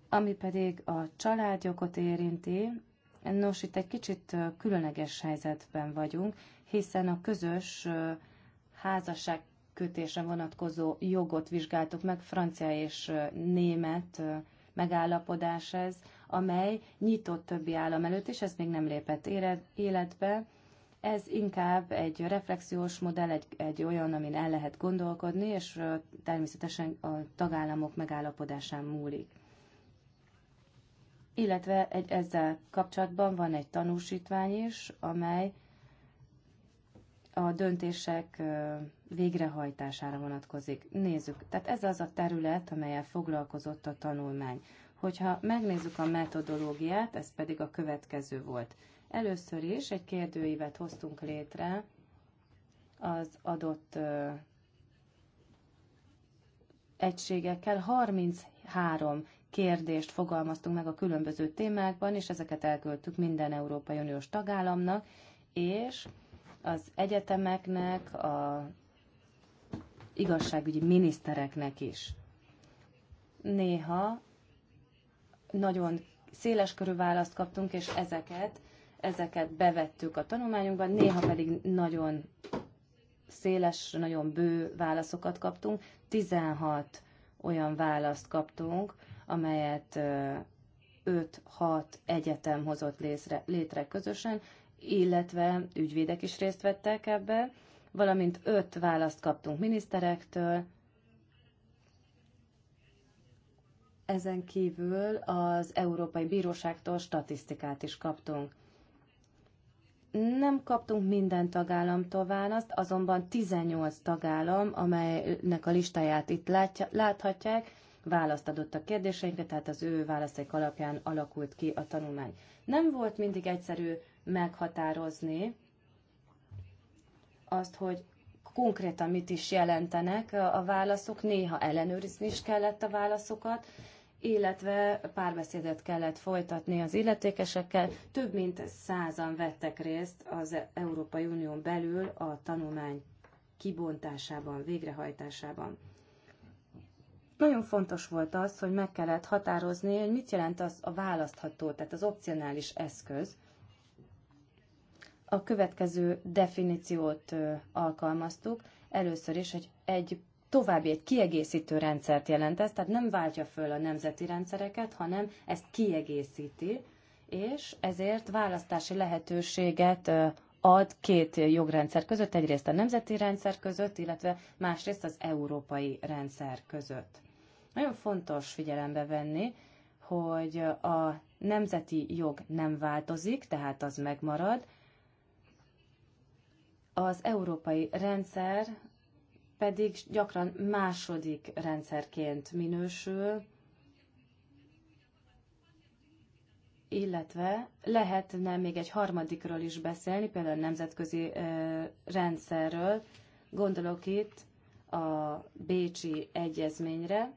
Ami pedig a családjogot érinti, nos, itt egy kicsit különleges helyzetben vagyunk, hiszen a közös házasságkötésre vonatkozó jogot vizsgáltuk meg, francia és német megállapodás ez, amely nyitott többi állam előtt, és ez még nem lépett életbe. Ez inkább egy reflexiós modell, egy, egy olyan, amin el lehet gondolkodni, és természetesen a tagállamok megállapodásán múlik. Illetve egy ezzel kapcsolatban van egy tanúsítvány is, amely a döntések végrehajtására vonatkozik. Nézzük, tehát ez az a terület, amelyel foglalkozott a tanulmány. Hogyha megnézzük a metodológiát, ez pedig a következő volt. Először is egy kérdőívet hoztunk létre az adott egységekkel. 33 kérdést fogalmaztunk meg a különböző témákban, és ezeket elküldtük minden Európai Uniós tagállamnak, és az egyetemeknek, a igazságügyi minisztereknek is. Néha nagyon széles körű választ kaptunk, és ezeket, ezeket bevettük a tanulmányunkban, néha pedig nagyon széles, nagyon bő válaszokat kaptunk. 16 olyan választ kaptunk, amelyet 5-6 egyetem hozott létre, létre közösen, illetve ügyvédek is részt vettek ebbe, valamint öt választ kaptunk miniszterektől, ezen kívül az Európai Bíróságtól statisztikát is kaptunk. Nem kaptunk minden tagállamtól választ, azonban 18 tagállam, amelynek a listáját itt látja, láthatják, választ adott a kérdéseinkre, tehát az ő választék alapján alakult ki a tanulmány. Nem volt mindig egyszerű meghatározni azt, hogy konkrétan mit is jelentenek a válaszok, néha ellenőrizni is kellett a válaszokat, illetve párbeszédet kellett folytatni az illetékesekkel. Több mint százan vettek részt az Európai Unión belül a tanulmány kibontásában, végrehajtásában. Nagyon fontos volt az, hogy meg kellett határozni, hogy mit jelent az a választható, tehát az opcionális eszköz, a következő definíciót alkalmaztuk. Először is, hogy egy további, egy kiegészítő rendszert jelent ez, tehát nem váltja föl a nemzeti rendszereket, hanem ezt kiegészíti, és ezért választási lehetőséget ad két jogrendszer között, egyrészt a nemzeti rendszer között, illetve másrészt az európai rendszer között. Nagyon fontos figyelembe venni, hogy a nemzeti jog nem változik, tehát az megmarad, az európai rendszer pedig gyakran második rendszerként minősül, illetve lehetne még egy harmadikról is beszélni, például a nemzetközi rendszerről. Gondolok itt a Bécsi Egyezményre,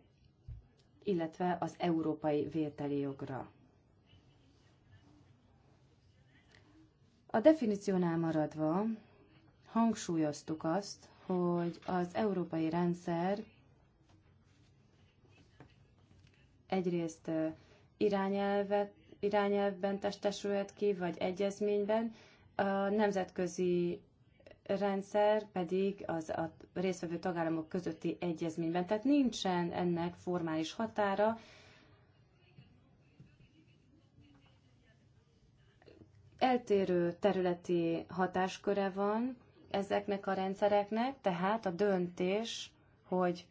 illetve az európai vételi jogra. A definíciónál maradva, hangsúlyoztuk azt, hogy az európai rendszer egyrészt irányelvet, irányelvben testesülhet ki, vagy egyezményben, a nemzetközi rendszer pedig az a résztvevő tagállamok közötti egyezményben. Tehát nincsen ennek formális határa. Eltérő területi hatásköre van, ezeknek a rendszereknek, tehát a döntés, hogy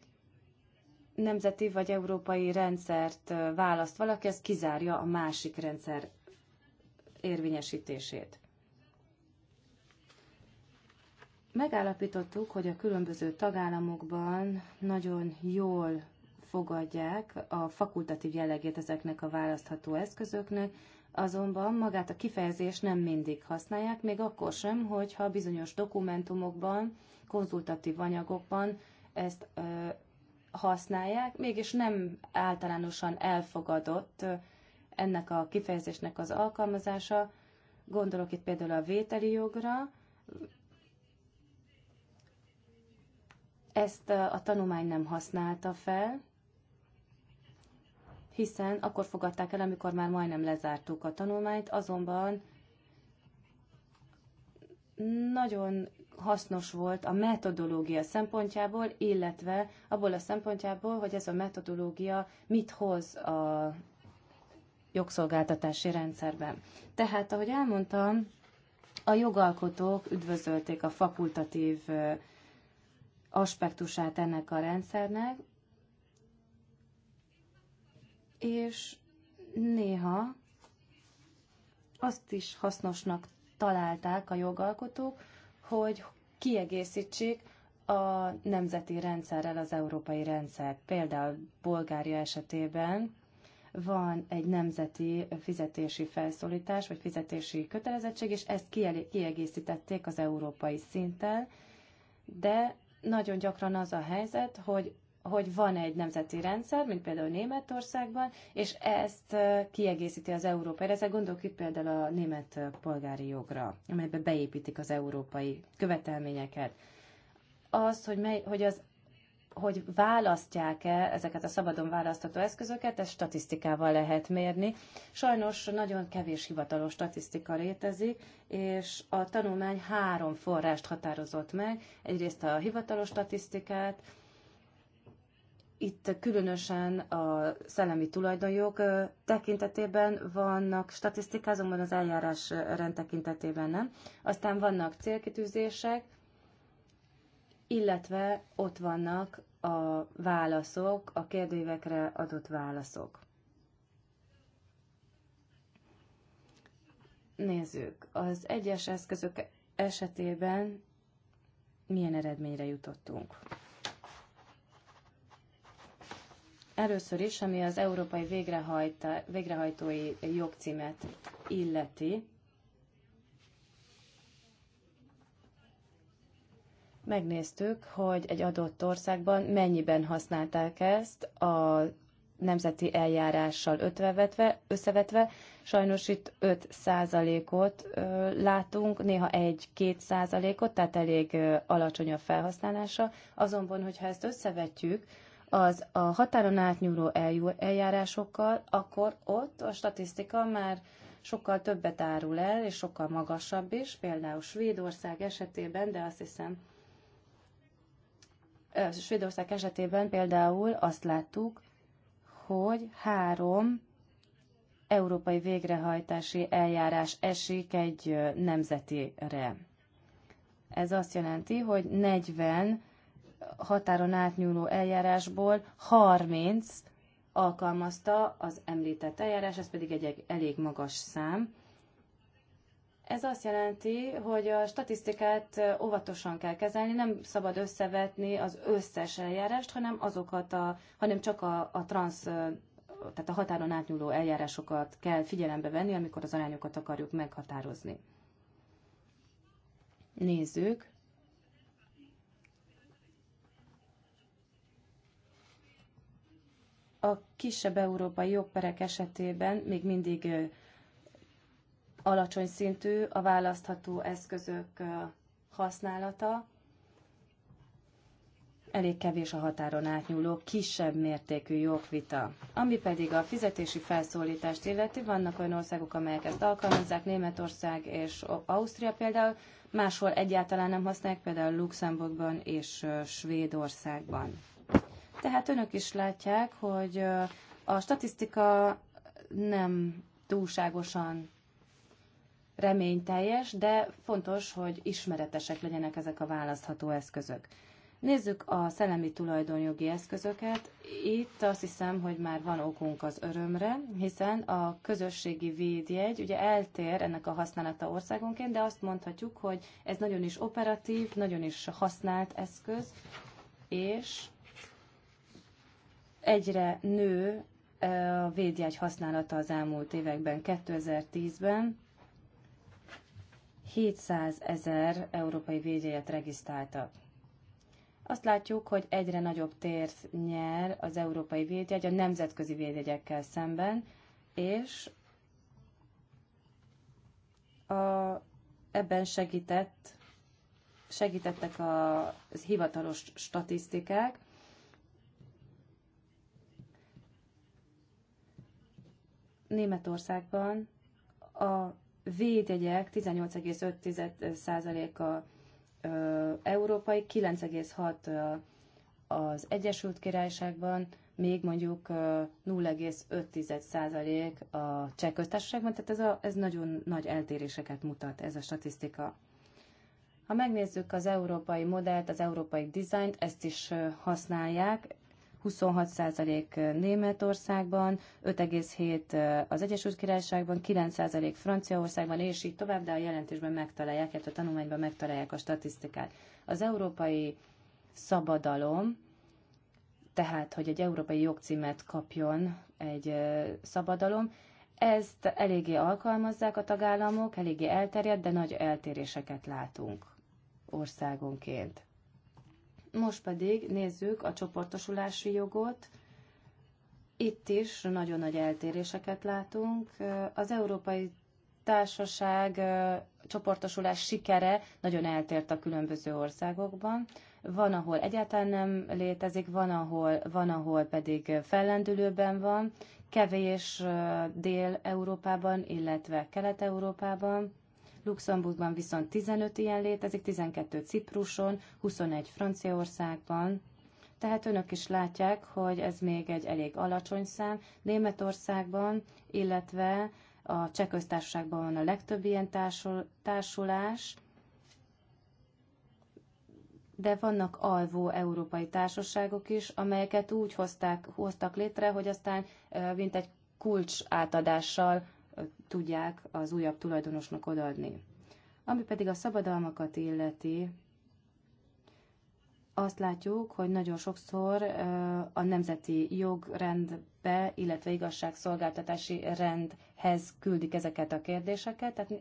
nemzeti vagy európai rendszert választ valaki, ez kizárja a másik rendszer érvényesítését. Megállapítottuk, hogy a különböző tagállamokban nagyon jól fogadják a fakultatív jellegét ezeknek a választható eszközöknek, azonban magát a kifejezést nem mindig használják, még akkor sem, hogyha bizonyos dokumentumokban, konzultatív anyagokban ezt ö, használják, mégis nem általánosan elfogadott ennek a kifejezésnek az alkalmazása. Gondolok itt például a vételi jogra. Ezt a tanulmány nem használta fel, hiszen akkor fogadták el, amikor már majdnem lezártuk a tanulmányt, azonban nagyon hasznos volt a metodológia szempontjából, illetve abból a szempontjából, hogy ez a metodológia mit hoz a jogszolgáltatási rendszerben. Tehát, ahogy elmondtam, a jogalkotók üdvözölték a fakultatív aspektusát ennek a rendszernek, és néha azt is hasznosnak találták a jogalkotók, hogy kiegészítsék a nemzeti rendszerrel az európai rendszert. Például Bulgária esetében van egy nemzeti fizetési felszólítás, vagy fizetési kötelezettség, és ezt kiegészítették az európai szinttel, de nagyon gyakran az a helyzet, hogy hogy van egy nemzeti rendszer, mint például Németországban, és ezt kiegészíti az európai rendszer. Gondolok itt például a német polgári jogra, amelybe beépítik az európai követelményeket. Az, hogy, mely, hogy az hogy választják-e ezeket a szabadon választható eszközöket, ezt statisztikával lehet mérni. Sajnos nagyon kevés hivatalos statisztika létezik, és a tanulmány három forrást határozott meg. Egyrészt a hivatalos statisztikát, itt különösen a szellemi tulajdonjog tekintetében vannak statisztikázomban az eljárás rend tekintetében nem. Aztán vannak célkitűzések, illetve ott vannak a válaszok, a kérdévekre adott válaszok. Nézzük, az egyes eszközök esetében milyen eredményre jutottunk. Először is, ami az Európai Végrehajta, Végrehajtói Jogcímet illeti, megnéztük, hogy egy adott országban mennyiben használták ezt a nemzeti eljárással ötvevetve, összevetve. Sajnos itt 5 százalékot látunk, néha 1-2 százalékot, tehát elég alacsony a felhasználása. Azonban, hogyha ezt összevetjük az a határon átnyúló eljárásokkal, akkor ott a statisztika már sokkal többet árul el, és sokkal magasabb is, például Svédország esetében, de azt hiszem, Svédország esetében például azt láttuk, hogy három európai végrehajtási eljárás esik egy nemzetire. Ez azt jelenti, hogy 40 határon átnyúló eljárásból 30 alkalmazta az említett eljárás, ez pedig egy e- elég magas szám. Ez azt jelenti, hogy a statisztikát óvatosan kell kezelni, nem szabad összevetni az összes eljárást, hanem azokat a, hanem csak a, a transz, tehát a határon átnyúló eljárásokat kell figyelembe venni, amikor az arányokat akarjuk meghatározni. Nézzük a kisebb európai jogperek esetében még mindig alacsony szintű a választható eszközök használata, elég kevés a határon átnyúló, kisebb mértékű jogvita. Ami pedig a fizetési felszólítást illeti, vannak olyan országok, amelyek ezt alkalmazzák, Németország és Ausztria például, máshol egyáltalán nem használják, például Luxemburgban és Svédországban. Tehát önök is látják, hogy a statisztika nem túlságosan reményteljes, de fontos, hogy ismeretesek legyenek ezek a választható eszközök. Nézzük a szellemi tulajdonjogi eszközöket. Itt azt hiszem, hogy már van okunk az örömre, hiszen a közösségi védjegy ugye eltér ennek a használata országonként, de azt mondhatjuk, hogy ez nagyon is operatív, nagyon is használt eszköz, és egyre nő a védjegy használata az elmúlt években, 2010-ben 700 ezer európai védjegyet regisztráltak. Azt látjuk, hogy egyre nagyobb tért nyer az európai védjegy a nemzetközi védjegyekkel szemben, és a, ebben segített, segítettek a, az hivatalos statisztikák, Németországban a védjegyek 18,5%-a európai, 9,6% az Egyesült Királyságban, még mondjuk 0,5% a cseh köztársaságban, tehát ez, a, ez nagyon nagy eltéréseket mutat ez a statisztika. Ha megnézzük az európai modellt, az európai dizájnt, ezt is használják, 26% Németországban, 5,7% az Egyesült Királyságban, 9% Franciaországban, és így tovább, de a jelentésben megtalálják, illetve a tanulmányban megtalálják a statisztikát. Az európai szabadalom, tehát, hogy egy európai jogcímet kapjon egy szabadalom, ezt eléggé alkalmazzák a tagállamok, eléggé elterjedt, de nagy eltéréseket látunk országonként. Most pedig nézzük a csoportosulási jogot. Itt is nagyon nagy eltéréseket látunk. Az Európai Társaság csoportosulás sikere nagyon eltért a különböző országokban. Van, ahol egyáltalán nem létezik, van, ahol, van, ahol pedig fellendülőben van, kevés Dél-Európában, illetve Kelet-Európában. Luxemburgban viszont 15 ilyen létezik, 12 Cipruson, 21 Franciaországban, tehát önök is látják, hogy ez még egy elég alacsony szám. Németországban, illetve a cseh köztársaságban van a legtöbb ilyen társul, társulás, de vannak alvó európai társaságok is, amelyeket úgy hozták, hoztak létre, hogy aztán mint egy kulcs átadással tudják az újabb tulajdonosnak odaadni. Ami pedig a szabadalmakat illeti, azt látjuk, hogy nagyon sokszor a nemzeti jogrendbe, illetve igazságszolgáltatási rendhez küldik ezeket a kérdéseket, tehát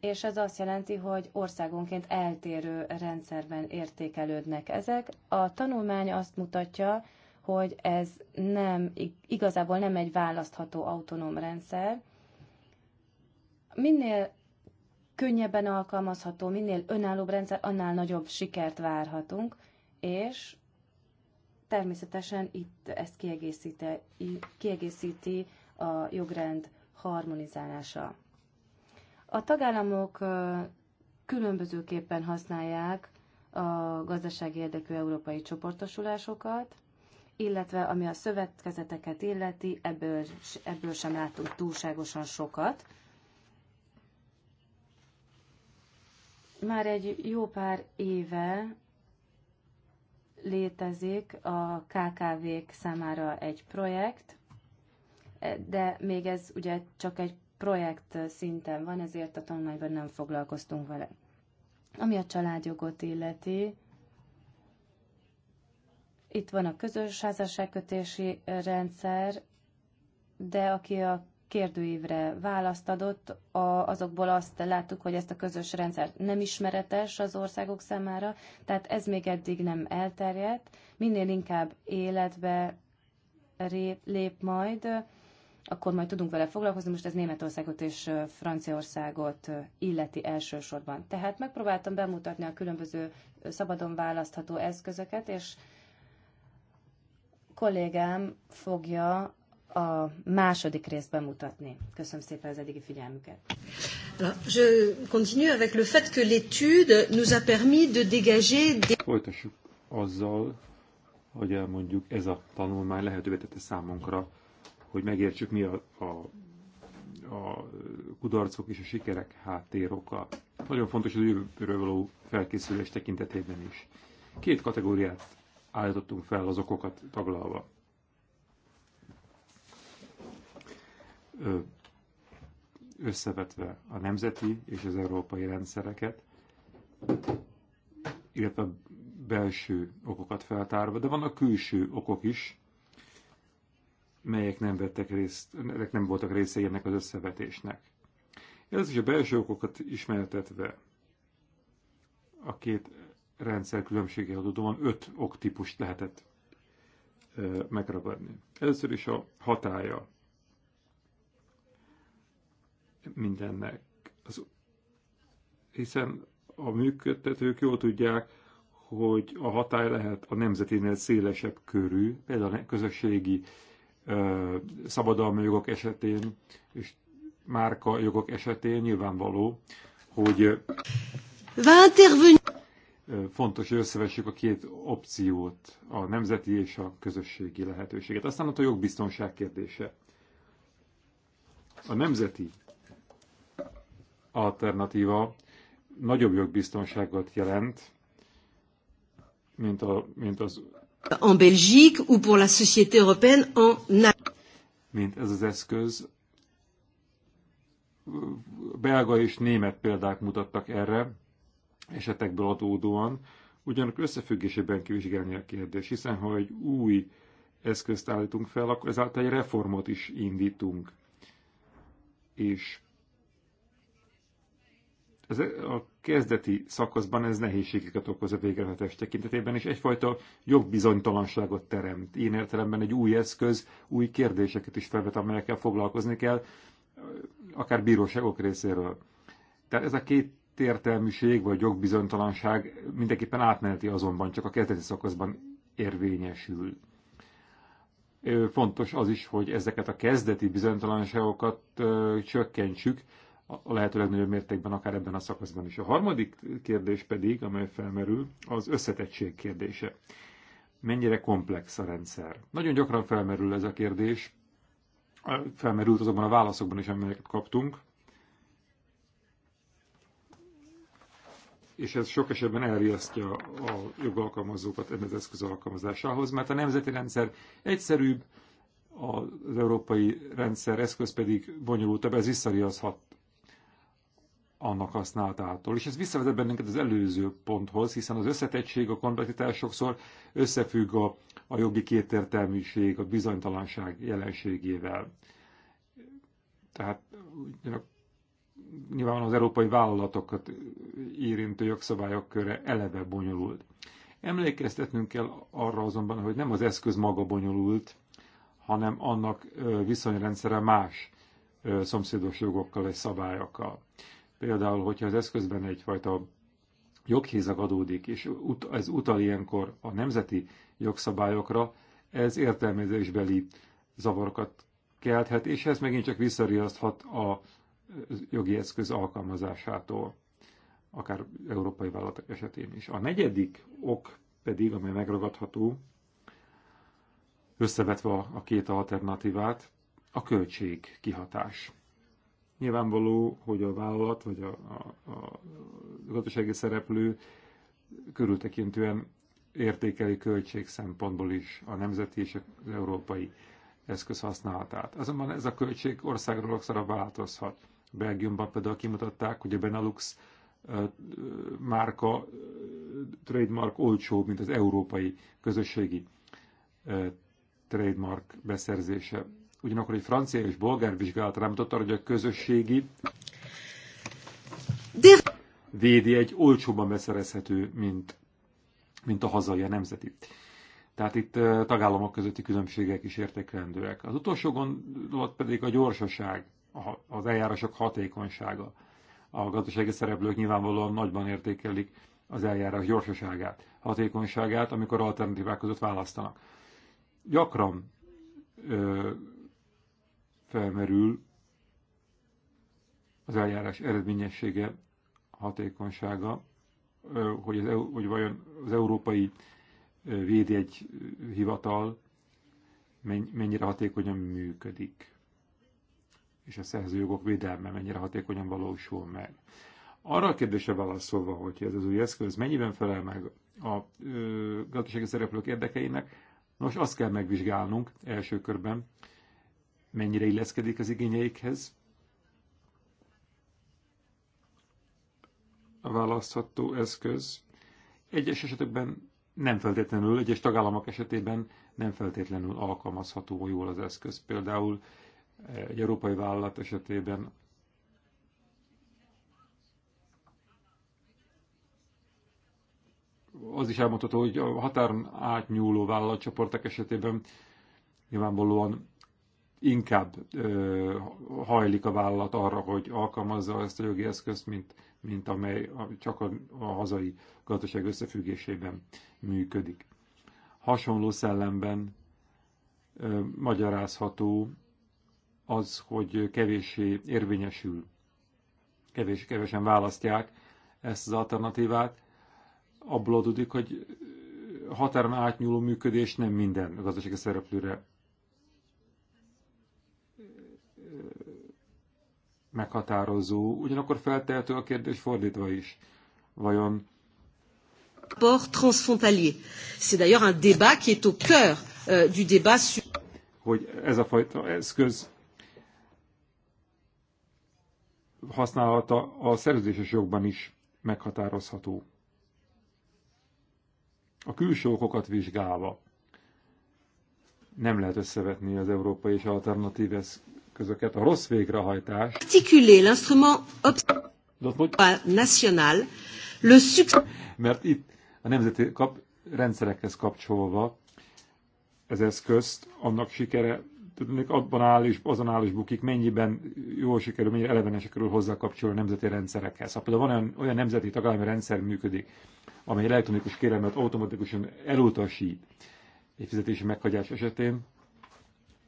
és ez azt jelenti, hogy országonként eltérő rendszerben értékelődnek ezek. A tanulmány azt mutatja, hogy ez nem, igazából nem egy választható autonóm rendszer. Minél könnyebben alkalmazható, minél önállóbb rendszer, annál nagyobb sikert várhatunk, és természetesen itt ezt kiegészíti a jogrend harmonizálása. A tagállamok különbözőképpen használják a gazdasági érdekű európai csoportosulásokat, illetve ami a szövetkezeteket illeti, ebből, ebből sem látunk túlságosan sokat. Már egy jó pár éve létezik a KKV-k számára egy projekt, de még ez ugye csak egy projekt szinten van, ezért a tanulmányban nem foglalkoztunk vele. Ami a családjogot illeti, itt van a közös házasságkötési rendszer, de aki a kérdőívre választ adott, azokból azt láttuk, hogy ezt a közös rendszert nem ismeretes az országok számára, tehát ez még eddig nem elterjedt, minél inkább életbe lép majd, akkor majd tudunk vele foglalkozni, most ez Németországot és Franciaországot illeti elsősorban. Tehát megpróbáltam bemutatni a különböző szabadon választható eszközöket, és kollégám fogja a második részt bemutatni. Köszönöm szépen az eddigi figyelmüket. Alors, je continue avec le fait que l'étude nous a permis de dégager des... Folytassuk azzal, hogy mondjuk ez a tanulmány lehetővé tette számunkra, hogy megértsük, mi a, a, a kudarcok és a sikerek háttéroka. Nagyon fontos az jövőről való felkészülés tekintetében is. Két kategóriát állítottunk fel az okokat taglalva. Összevetve a nemzeti és az európai rendszereket, illetve belső okokat feltárva, de vannak külső okok is, melyek nem vettek részt, nem voltak részei ennek az összevetésnek. Ez is a belső okokat ismertetve a két rendszer különbsége adódóan öt oktípust lehetett megragadni. Először is a hatája mindennek. Az, hiszen a működtetők jól tudják, hogy a hatály lehet a nemzeténél szélesebb körű, például a közösségi szabadalmi jogok esetén és márka jogok esetén nyilvánvaló, hogy va fontos, hogy összevessük a két opciót, a nemzeti és a közösségi lehetőséget. Aztán ott a jogbiztonság kérdése. A nemzeti alternatíva nagyobb jogbiztonságot jelent, mint, a, mint az... En Belgique ou pour la société européenne en... Mint ez az eszköz. Belga és német példák mutattak erre esetekből adódóan, ugyanakkor összefüggésében kivizsgálni a kérdést, hiszen ha egy új eszközt állítunk fel, akkor ezáltal egy reformot is indítunk. És ez a kezdeti szakaszban ez nehézségeket okoz a végrehajtás tekintetében, és egyfajta jogbizonytalanságot teremt. Én értelemben egy új eszköz, új kérdéseket is felvet, amelyekkel foglalkozni kell, akár bíróságok részéről. Tehát ez a két kétértelműség vagy jogbizonytalanság mindenképpen átmeneti azonban csak a kezdeti szakaszban érvényesül. Fontos az is, hogy ezeket a kezdeti bizonytalanságokat csökkentsük, a lehető legnagyobb mértékben akár ebben a szakaszban is. A harmadik kérdés pedig, amely felmerül, az összetettség kérdése. Mennyire komplex a rendszer? Nagyon gyakran felmerül ez a kérdés, felmerült azokban a válaszokban is, amelyeket kaptunk, és ez sok esetben elriasztja a jogalkalmazókat ennek az eszköz alkalmazásához, mert a nemzeti rendszer egyszerűbb, az európai rendszer eszköz pedig bonyolultabb, ez visszariaszhat annak használatától. És ez visszavezet bennünket az előző ponthoz, hiszen az összetettség, a komplexitás sokszor összefügg a, a jogi kétértelműség, a bizonytalanság jelenségével. Tehát nyilván az európai vállalatokat érintő jogszabályok köre eleve bonyolult. Emlékeztetnünk kell arra azonban, hogy nem az eszköz maga bonyolult, hanem annak viszonyrendszere más szomszédos jogokkal és szabályokkal. Például, hogyha az eszközben egyfajta joghézag adódik, és ez utal ilyenkor a nemzeti jogszabályokra, ez értelmezésbeli zavarokat kelthet, és ez megint csak visszariaszthat a jogi eszköz alkalmazásától, akár európai vállalatok esetén is. A negyedik ok pedig, amely megragadható, összevetve a két alternatívát, a költség kihatás. Nyilvánvaló, hogy a vállalat vagy a, a, a gazdasági szereplő körültekintően értékeli költség szempontból is a nemzeti és az európai eszköz használatát. Azonban ez a költség országról országra változhat. Belgiumban például kimutatták, hogy a Benelux márka, trademark olcsó, mint az európai közösségi trademark beszerzése. Ugyanakkor egy francia és bolgár vizsgálat rámutatta hogy a közösségi védi egy olcsóban beszerezhető, mint, mint a hazai, a nemzeti. Tehát itt tagállamok közötti különbségek is értékelendőek. Az utolsó gondolat pedig a gyorsaság az eljárások hatékonysága. A gazdasági szereplők nyilvánvalóan nagyban értékelik az eljárás gyorsaságát, hatékonyságát, amikor alternatívák között választanak. Gyakran ö, felmerül az eljárás eredményessége, hatékonysága, ö, hogy, az, hogy vajon az európai védjegyhivatal hivatal mennyire hatékonyan működik és a szerzőjogok védelme mennyire hatékonyan valósul meg. Arra a kérdésre válaszolva, hogy ez az új eszköz mennyiben felel meg a ö, gazdasági szereplők érdekeinek, nos, azt kell megvizsgálnunk első körben, mennyire illeszkedik az igényeikhez, a választható eszköz. Egyes esetekben nem feltétlenül, egyes tagállamok esetében nem feltétlenül alkalmazható jól az eszköz. Például egy európai vállalat esetében az is elmondható, hogy a határon átnyúló vállalatcsoportok esetében nyilvánvalóan inkább ö, hajlik a vállalat arra, hogy alkalmazza ezt a jogi eszközt, mint, mint amely csak a, a hazai gazdaság összefüggésében működik. Hasonló szellemben ö, magyarázható az, hogy kevéssé érvényesül, kevés, kevesen választják ezt az alternatívát, abból adódik, hogy határon átnyúló működés nem minden gazdasági szereplőre meghatározó. Ugyanakkor feltehető a kérdés fordítva is. Vajon port transfrontalier. C'est d'ailleurs un débat qui est au cœur euh, du débat sur hogy ez a fajta eszköz használata a szerződéses jogban is meghatározható. A külső okokat vizsgálva nem lehet összevetni az európai és alternatív eszközöket. A rossz végrehajtás national, le mert itt a nemzeti kap, rendszerekhez kapcsolva az eszközt, annak sikere tudnék abban áll és azon áll és bukik, mennyiben jól sikerül, mennyire eleven sikerül hozzákapcsolni a nemzeti rendszerekhez. Ha például van olyan, olyan nemzeti tagállami rendszer működik, amely elektronikus kérelmet automatikusan elutasít egy fizetési meghagyás esetén,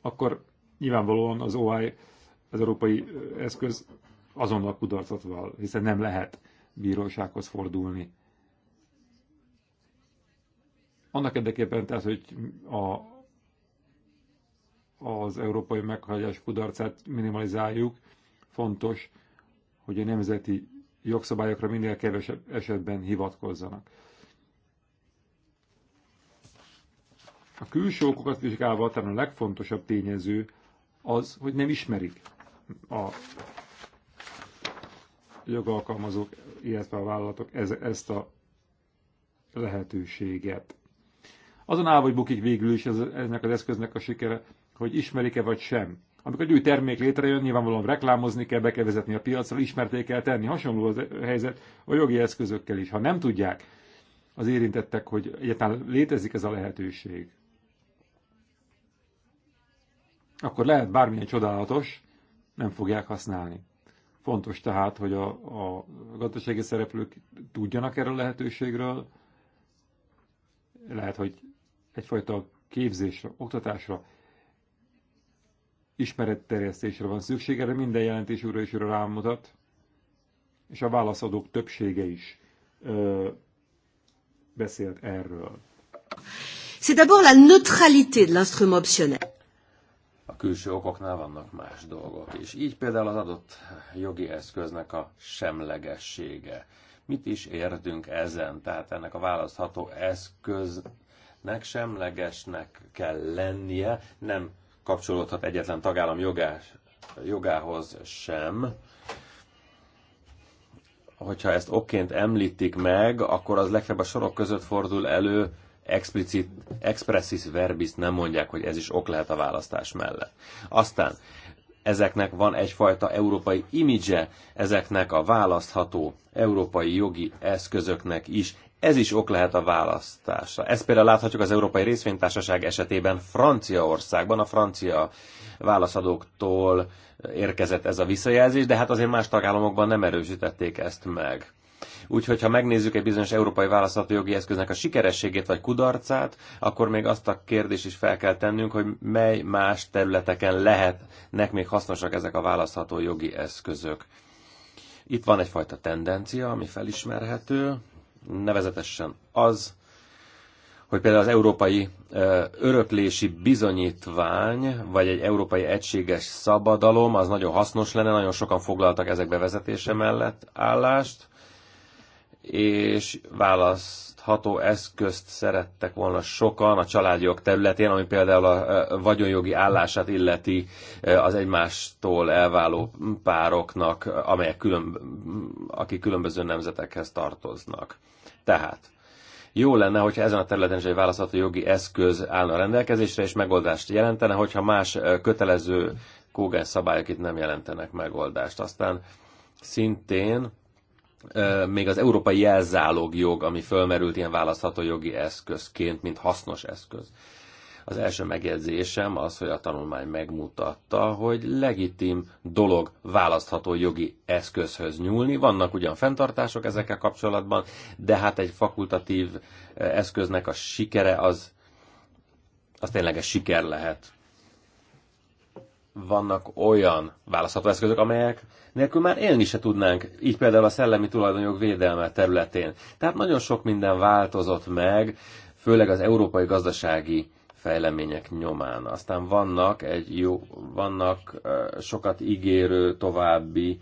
akkor nyilvánvalóan az OI, az európai eszköz azonnal kudarcot val, hiszen nem lehet bírósághoz fordulni. Annak érdekében tehát, hogy a, az európai meghagyás kudarcát minimalizáljuk, fontos, hogy a nemzeti jogszabályokra minél kevesebb esetben hivatkozzanak. A külső okokat vizsgálva talán a legfontosabb tényező az, hogy nem ismerik a jogalkalmazók, illetve a vállalatok ezt a lehetőséget. Azon áll, hogy bukik végül is ez, ennek az eszköznek a sikere, hogy ismerik-e vagy sem. Amikor egy új termék létrejön, nyilvánvalóan reklámozni kell, be kell vezetni a piacra, ismerté kell tenni. Hasonló az helyzet a jogi eszközökkel is. Ha nem tudják az érintettek, hogy egyáltalán létezik ez a lehetőség, akkor lehet bármilyen csodálatos, nem fogják használni. Fontos tehát, hogy a, a gazdasági szereplők tudjanak erről a lehetőségről, lehet, hogy egyfajta képzésre, oktatásra, ismeretterjesztésre van szükség, erre minden jelentés újra és újra rámutat, és a válaszadók többsége is ö, beszélt erről. C'est d'abord la neutralité de l'instrument optionnel. A külső okoknál vannak más dolgok is. Így például az adott jogi eszköznek a semlegessége. Mit is értünk ezen? Tehát ennek a választható eszköznek semlegesnek kell lennie, nem kapcsolódhat egyetlen tagállam jogás, jogához sem. Hogyha ezt okként említik meg, akkor az legfeljebb a sorok között fordul elő, explicit, expressis verbis nem mondják, hogy ez is ok lehet a választás mellett. Aztán ezeknek van egyfajta európai imidzse, ezeknek a választható európai jogi eszközöknek is ez is ok lehet a választásra. Ezt például láthatjuk az Európai Részvénytársaság esetében Franciaországban, a francia válaszadóktól érkezett ez a visszajelzés, de hát azért más tagállamokban nem erősítették ezt meg. Úgyhogy, ha megnézzük egy bizonyos európai jogi eszköznek a sikerességét vagy kudarcát, akkor még azt a kérdést is fel kell tennünk, hogy mely más területeken lehetnek még hasznosak ezek a választható jogi eszközök. Itt van egyfajta tendencia, ami felismerhető, nevezetesen az, hogy például az európai öröklési bizonyítvány, vagy egy európai egységes szabadalom, az nagyon hasznos lenne, nagyon sokan foglaltak ezek bevezetése mellett állást, és válasz választható eszközt szerettek volna sokan a családjog területén, ami például a e, vagyonjogi állását illeti e, az egymástól elváló pároknak, amelyek külön, akik különböző nemzetekhez tartoznak. Tehát jó lenne, hogyha ezen a területen is egy választható jogi eszköz állna rendelkezésre, és megoldást jelentene, hogyha más e, kötelező kógen szabályok itt nem jelentenek megoldást. Aztán szintén még az európai jelzálogjog, ami fölmerült ilyen választható jogi eszközként, mint hasznos eszköz. Az első megjegyzésem az, hogy a tanulmány megmutatta, hogy legitim dolog választható jogi eszközhöz nyúlni. Vannak ugyan fenntartások ezekkel kapcsolatban, de hát egy fakultatív eszköznek a sikere az, az tényleges siker lehet. Vannak olyan választható eszközök, amelyek nélkül már élni se tudnánk, így például a szellemi tulajdonjog védelme területén. Tehát nagyon sok minden változott meg, főleg az európai gazdasági fejlemények nyomán. Aztán vannak, egy jó, vannak sokat ígérő további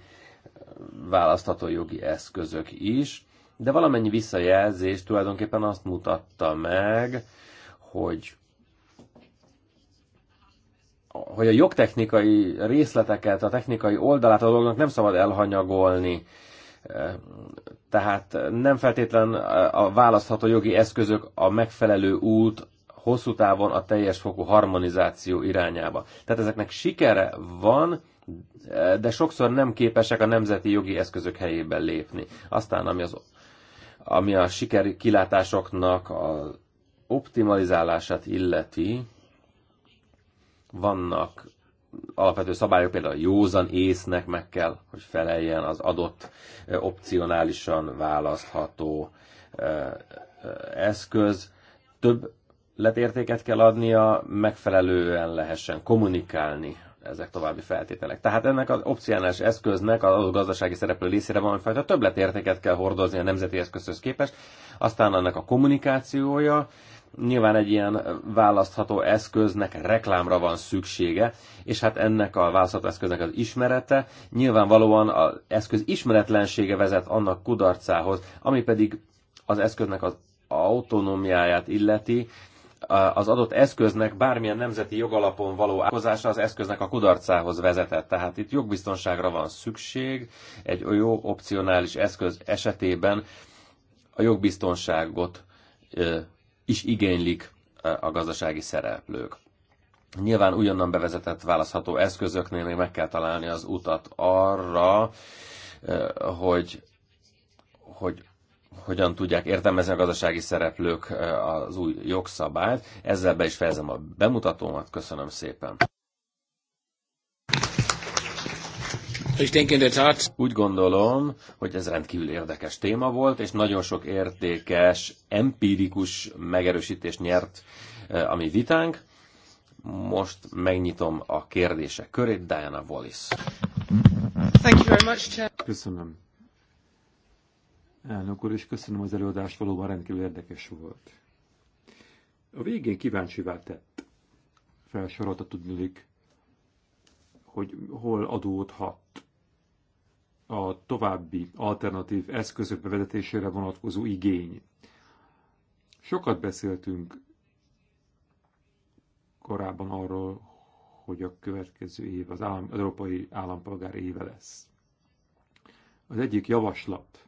választható jogi eszközök is, de valamennyi visszajelzés tulajdonképpen azt mutatta meg, hogy hogy a jogtechnikai részleteket, a technikai oldalát a dolognak nem szabad elhanyagolni. Tehát nem feltétlen a választható jogi eszközök a megfelelő út hosszú távon a teljes fokú harmonizáció irányába. Tehát ezeknek sikere van, de sokszor nem képesek a nemzeti jogi eszközök helyébe lépni. Aztán, ami, az, ami a siker kilátásoknak a optimalizálását illeti, vannak alapvető szabályok, például a józan észnek meg kell, hogy feleljen az adott opcionálisan választható eszköz. Több letértéket kell adnia, megfelelően lehessen kommunikálni ezek további feltételek. Tehát ennek az opcionális eszköznek az adott gazdasági szereplő részére több letértéket kell hordozni a nemzeti eszközhöz képest, aztán annak a kommunikációja, Nyilván egy ilyen választható eszköznek reklámra van szüksége, és hát ennek a választható eszköznek az ismerete nyilvánvalóan az eszköz ismeretlensége vezet annak kudarcához, ami pedig az eszköznek az autonómiáját illeti, az adott eszköznek bármilyen nemzeti jogalapon való álkozása az eszköznek a kudarcához vezetett. Tehát itt jogbiztonságra van szükség, egy jó opcionális eszköz esetében a jogbiztonságot is igénylik e, a gazdasági szereplők. Nyilván újonnan bevezetett választható eszközöknél még meg kell találni az utat arra, e, hogy, hogy hogyan tudják értelmezni a gazdasági szereplők e, az új jogszabályt. Ezzel be is fejezem a bemutatómat. Köszönöm szépen. Úgy gondolom, hogy ez rendkívül érdekes téma volt, és nagyon sok értékes, empirikus megerősítést nyert eh, a mi vitánk. Most megnyitom a kérdések körét, Diana Wallis. Thank you very much, Chair. Köszönöm. Elnök úr, és köszönöm az előadást, valóban rendkívül érdekes volt. A végén kíváncsivá tett, felsorolta tudnilik, hogy hol adódhat a további alternatív eszközök bevezetésére vonatkozó igény. Sokat beszéltünk korábban arról, hogy a következő év az, állam, az európai állampolgári éve lesz. Az egyik javaslat,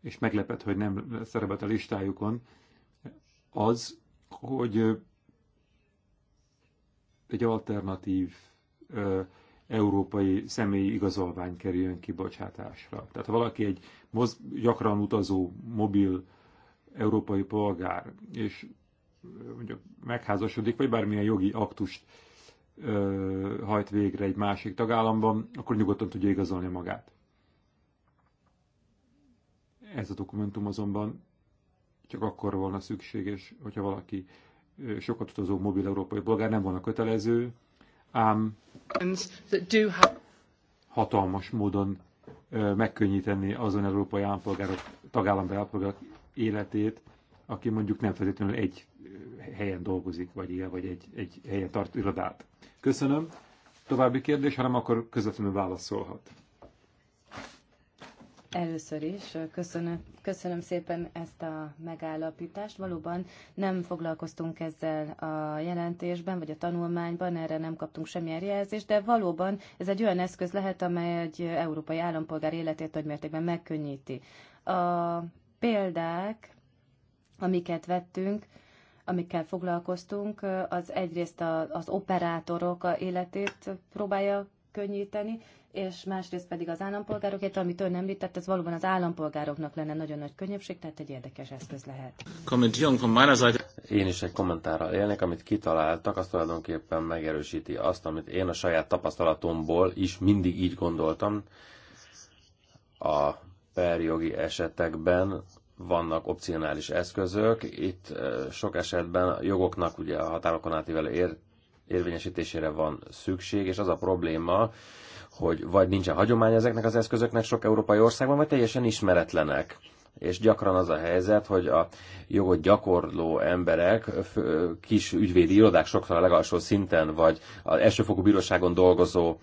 és meglepet, hogy nem szerepelt a listájukon, az, hogy egy alternatív európai személyi igazolvány kerüljön kibocsátásra. Tehát ha valaki egy moz, gyakran utazó, mobil európai polgár, és mondjuk megházasodik, vagy bármilyen jogi aktust ö, hajt végre egy másik tagállamban, akkor nyugodtan tudja igazolni magát. Ez a dokumentum azonban csak akkor volna szükséges, hogyha valaki sokat utazó mobil európai polgár nem volna kötelező, ám hatalmas módon megkönnyíteni azon európai állampolgárok, tagállam állampolgárok életét, aki mondjuk nem feltétlenül egy helyen dolgozik, vagy él, vagy egy, egy helyen tart irodát. Köszönöm. További kérdés, hanem akkor közvetlenül válaszolhat. Először is köszönöm, köszönöm szépen ezt a megállapítást. Valóban nem foglalkoztunk ezzel a jelentésben, vagy a tanulmányban, erre nem kaptunk semmilyen jelzést, de valóban ez egy olyan eszköz lehet, amely egy európai állampolgár életét nagy mértékben megkönnyíti. A példák, amiket vettünk, amikkel foglalkoztunk, az egyrészt az operátorok életét próbálja könnyíteni, és másrészt pedig az állampolgárokért, amit ön említett, ez valóban az állampolgároknak lenne nagyon nagy könnyebbség, tehát egy érdekes eszköz lehet. Én is egy kommentárral élnék, amit kitaláltak, az tulajdonképpen megerősíti azt, amit én a saját tapasztalatomból is mindig így gondoltam. A perjogi esetekben vannak opcionális eszközök. Itt eh, sok esetben jogoknak ugye a határokon átívelő érvényesítésére van szükség, és az a probléma, hogy vagy nincsen hagyomány ezeknek az eszközöknek sok európai országban, vagy teljesen ismeretlenek. És gyakran az a helyzet, hogy a jogot gyakorló emberek, kis ügyvédi irodák sokszor a legalsó szinten, vagy az elsőfokú bíróságon dolgozó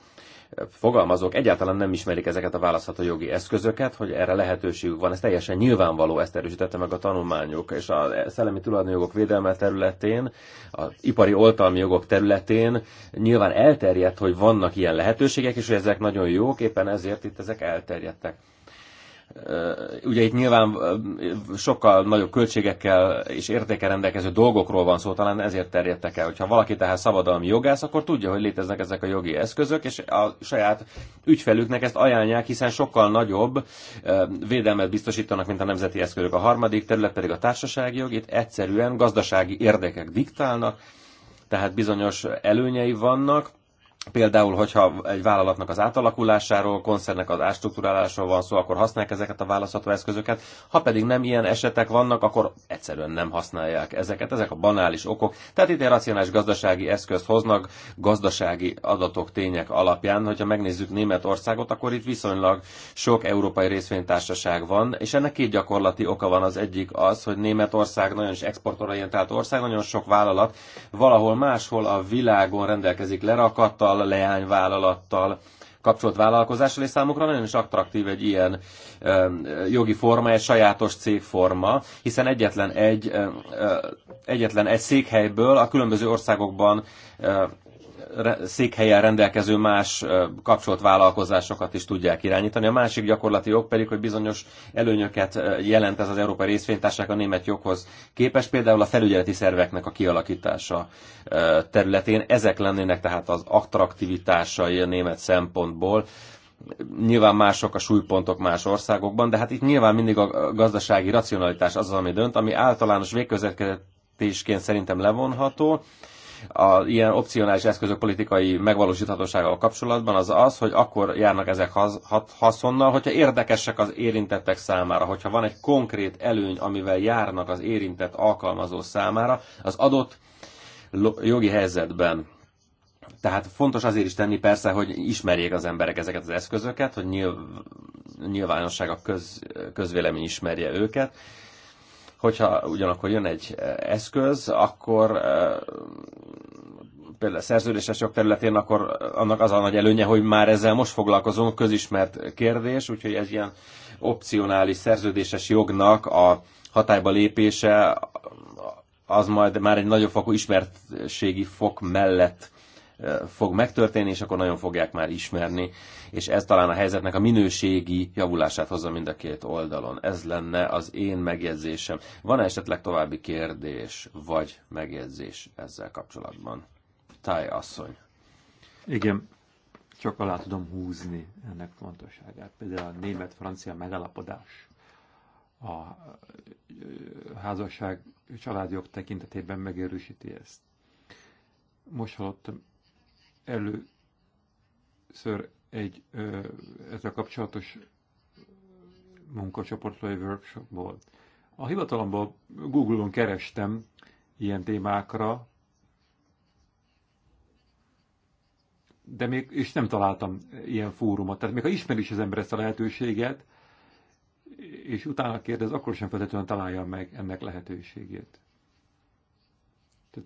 fogalmazók egyáltalán nem ismerik ezeket a választható jogi eszközöket, hogy erre lehetőségük van. Ez teljesen nyilvánvaló, ezt erősítette meg a tanulmányok. És a szellemi tulajdonjogok védelme területén, az ipari oltalmi jogok területén nyilván elterjedt, hogy vannak ilyen lehetőségek, és hogy ezek nagyon jók, éppen ezért itt ezek elterjedtek ugye itt nyilván sokkal nagyobb költségekkel és értékkel rendelkező dolgokról van szó, talán ezért terjedtek el. Hogyha valaki tehát szabadalmi jogász, akkor tudja, hogy léteznek ezek a jogi eszközök, és a saját ügyfelüknek ezt ajánlják, hiszen sokkal nagyobb védelmet biztosítanak, mint a nemzeti eszközök. A harmadik terület pedig a társasági jog, itt egyszerűen gazdasági érdekek diktálnak, tehát bizonyos előnyei vannak, Például, hogyha egy vállalatnak az átalakulásáról, koncernek az ástruktúrálásról van szó, akkor használják ezeket a választható eszközöket. Ha pedig nem ilyen esetek vannak, akkor egyszerűen nem használják ezeket. Ezek a banális okok. Tehát itt egy racionális gazdasági eszközt hoznak gazdasági adatok, tények alapján. Hogyha megnézzük Németországot, akkor itt viszonylag sok európai részvénytársaság van, és ennek két gyakorlati oka van. Az egyik az, hogy Németország nagyon is exportorientált ország, nagyon sok vállalat valahol máshol a világon rendelkezik lerakattal, vállalattal, leányvállalattal kapcsolt vállalkozással, és számukra nagyon is attraktív egy ilyen jogi forma, egy sajátos cégforma, hiszen egyetlen egy, egyetlen egy székhelyből a különböző országokban székhelyen rendelkező más kapcsolt vállalkozásokat is tudják irányítani. A másik gyakorlati jog pedig, hogy bizonyos előnyöket jelent ez az Európai Részvénytárság a német joghoz képes, például a felügyeleti szerveknek a kialakítása területén. Ezek lennének tehát az attraktivitásai a német szempontból. Nyilván mások a súlypontok más országokban, de hát itt nyilván mindig a gazdasági racionalitás az, ami dönt, ami általános végközetkezésként szerintem levonható a ilyen opcionális eszközök politikai megvalósíthatóságával kapcsolatban az az, hogy akkor járnak ezek haszonnal, hogyha érdekesek az érintettek számára, hogyha van egy konkrét előny, amivel járnak az érintett alkalmazó számára az adott jogi helyzetben. Tehát fontos azért is tenni persze, hogy ismerjék az emberek ezeket az eszközöket, hogy nyilv, nyilvánosság a köz, közvélemény ismerje őket, Hogyha ugyanakkor jön egy e, eszköz, akkor e, például szerződéses jog területén, akkor annak az a nagy előnye, hogy már ezzel most foglalkozunk, közismert kérdés, úgyhogy ez ilyen opcionális szerződéses jognak a hatályba lépése az majd már egy nagyobb fokú ismertségi fok mellett fog megtörténni, és akkor nagyon fogják már ismerni, és ez talán a helyzetnek a minőségi javulását hozza mind a két oldalon. Ez lenne az én megjegyzésem. van -e esetleg további kérdés, vagy megjegyzés ezzel kapcsolatban? Táj asszony. Igen, csak alá tudom húzni ennek fontosságát. Például a német-francia megalapodás a házasság családjog tekintetében megerősíti ezt. Most hallottam először egy ez a kapcsolatos munkacsoportlói workshopból. A hivatalomban Google-on kerestem ilyen témákra, de még, és nem találtam ilyen fórumot. Tehát még ha ismer is az ember ezt a lehetőséget, és utána kérdez, akkor sem feltétlenül találja meg ennek lehetőségét. Tehát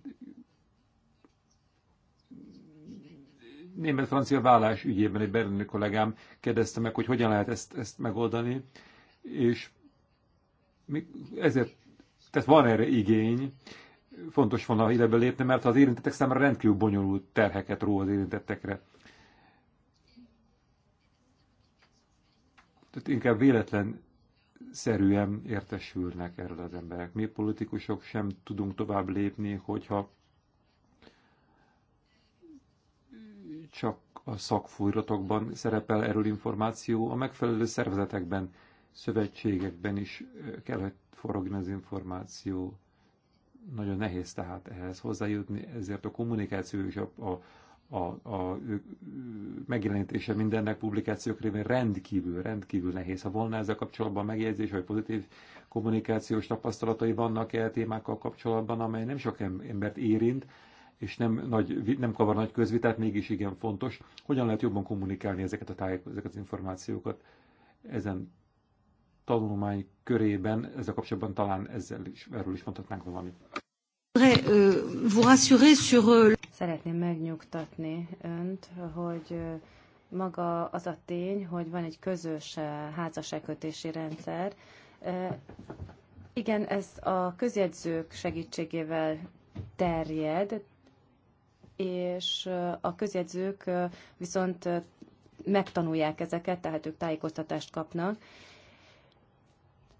német-francia vállás ügyében egy berlini kollégám kérdezte meg, hogy hogyan lehet ezt, ezt megoldani, és ezért, tehát van erre igény, fontos volna ide belépni, mert az érintettek számára rendkívül bonyolult terheket ró az érintettekre. Tehát inkább véletlen szerűen értesülnek erről az emberek. Mi politikusok sem tudunk tovább lépni, hogyha csak a szakfújratokban szerepel erről információ, a megfelelő szervezetekben, szövetségekben is kell, hogy forogjon az információ. Nagyon nehéz tehát ehhez hozzájutni, ezért a kommunikáció és a, a, a, a megjelenítése mindennek publikációk révén rendkívül, rendkívül nehéz. Ha volna ezzel kapcsolatban megjegyzés, vagy pozitív kommunikációs tapasztalatai vannak-e témákkal kapcsolatban, amely nem sok embert érint, és nem, nagy, nem kavar nagy közvitát, mégis igen fontos, hogyan lehet jobban kommunikálni ezeket, a tájék, ezeket az információkat ezen tanulmány körében, ezzel kapcsolatban talán ezzel is, erről is mondhatnánk valamit. Euh, euh, Szeretném megnyugtatni önt, hogy euh, maga az a tény, hogy van egy közös eh, házasságkötési rendszer. Eh, igen, ez a közjegyzők segítségével terjed, és a közjegyzők viszont megtanulják ezeket, tehát ők tájékoztatást kapnak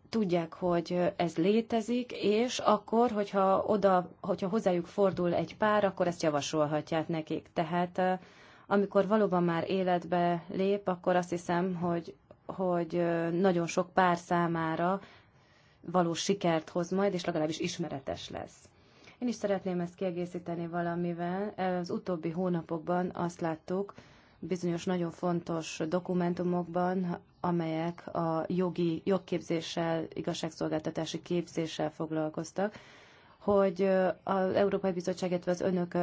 tudják, hogy ez létezik, és akkor, hogyha, oda, hogyha hozzájuk fordul egy pár, akkor ezt javasolhatják nekik. Tehát amikor valóban már életbe lép, akkor azt hiszem, hogy, hogy nagyon sok pár számára valós sikert hoz majd, és legalábbis ismeretes lesz. Én is szeretném ezt kiegészíteni valamivel. Az utóbbi hónapokban azt láttuk, bizonyos nagyon fontos dokumentumokban, amelyek a jogi, jogképzéssel, igazságszolgáltatási képzéssel foglalkoztak, hogy az Európai Bizottság, illetve az önök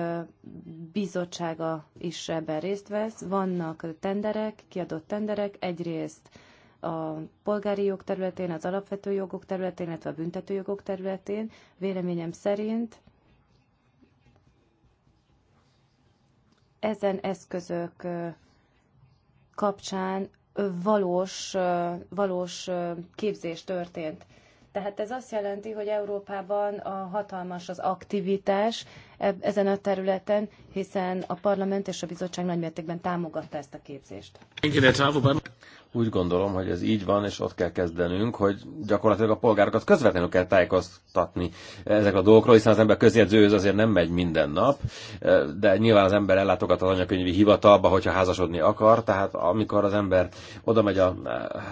bizottsága is ebben részt vesz. Vannak tenderek, kiadott tenderek, egyrészt a polgári jog területén, az alapvető jogok területén, illetve a büntető jogok területén. Véleményem szerint ezen eszközök kapcsán valós, valós képzés történt. Tehát ez azt jelenti, hogy Európában a hatalmas az aktivitás, ezen a területen, hiszen a parlament és a bizottság nagymértékben támogatta ezt a képzést. Úgy gondolom, hogy ez így van, és ott kell kezdenünk, hogy gyakorlatilag a polgárokat közvetlenül kell tájékoztatni ezek a dolgokról, hiszen az ember közjegyző azért nem megy minden nap, de nyilván az ember ellátogat az anyakönyvi hivatalba, hogyha házasodni akar, tehát amikor az ember oda megy a,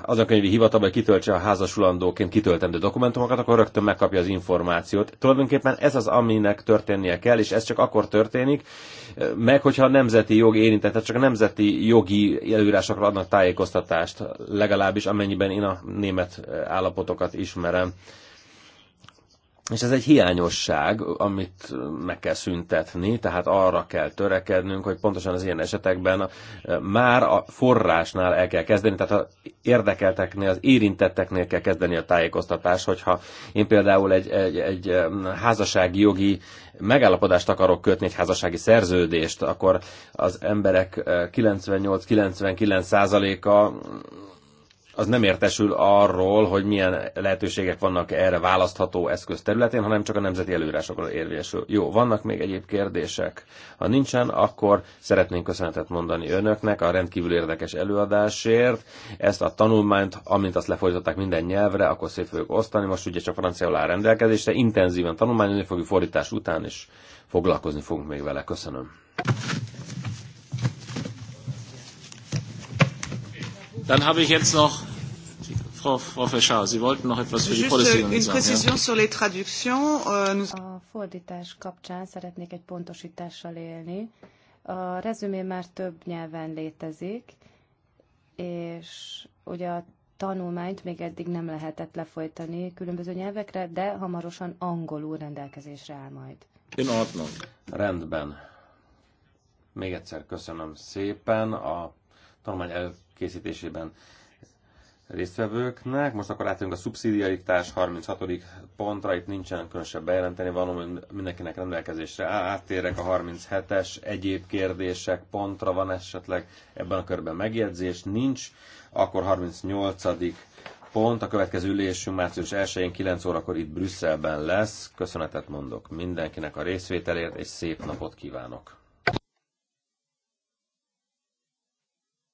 az anyakönyvi hivatalba, hogy kitöltse a házasulandóként kitöltendő dokumentumokat, akkor rögtön megkapja az információt. Tulajdonképpen ez az, aminek történnie kell, és ez csak akkor történik, meg hogyha a nemzeti jog érintett, tehát csak a nemzeti jogi előírásokra adnak tájékoztatást, legalábbis amennyiben én a német állapotokat ismerem. És ez egy hiányosság, amit meg kell szüntetni, tehát arra kell törekednünk, hogy pontosan az ilyen esetekben eh, már a forrásnál el kell kezdeni, tehát az érdekelteknél, az érintetteknél kell kezdeni a tájékoztatás, hogyha én például egy, egy, egy eh, házassági jogi megállapodást akarok kötni, egy házassági szerződést, akkor az emberek 98-99 eh, százaléka az nem értesül arról, hogy milyen lehetőségek vannak erre választható eszköz területén, hanem csak a nemzeti előírásokra érvényesül. Jó, vannak még egyéb kérdések? Ha nincsen, akkor szeretnénk köszönetet mondani önöknek a rendkívül érdekes előadásért. Ezt a tanulmányt, amint azt lefordították minden nyelvre, akkor szép fogjuk osztani. Most ugye csak franciául áll rendelkezésre, intenzíven tanulmányozni fogjuk fordítás után, és foglalkozni fogunk még vele. Köszönöm. Dann habe ich jetzt noch Frau, Frau Sie wollten noch etwas für die sagen. Précision ja. sur les traductions, euh, A fordítás kapcsán szeretnék egy pontosítással élni. A rezümé már több nyelven létezik, és ugye a tanulmányt még eddig nem lehetett lefolytani különböző nyelvekre, de hamarosan angolul rendelkezésre áll majd. Én ordnung. Rendben. Még egyszer köszönöm szépen. A tanulmány előtt készítésében résztvevőknek. Most akkor átjönk a szubszidiaritás 36. pontra, itt nincsen különösebb bejelenteni, valami mindenkinek rendelkezésre. Áttérek a 37-es egyéb kérdések pontra, van esetleg ebben a körben megjegyzés, nincs. Akkor 38. pont, a következő ülésünk március 1-én 9 órakor itt Brüsszelben lesz. Köszönetet mondok mindenkinek a részvételért, és szép napot kívánok!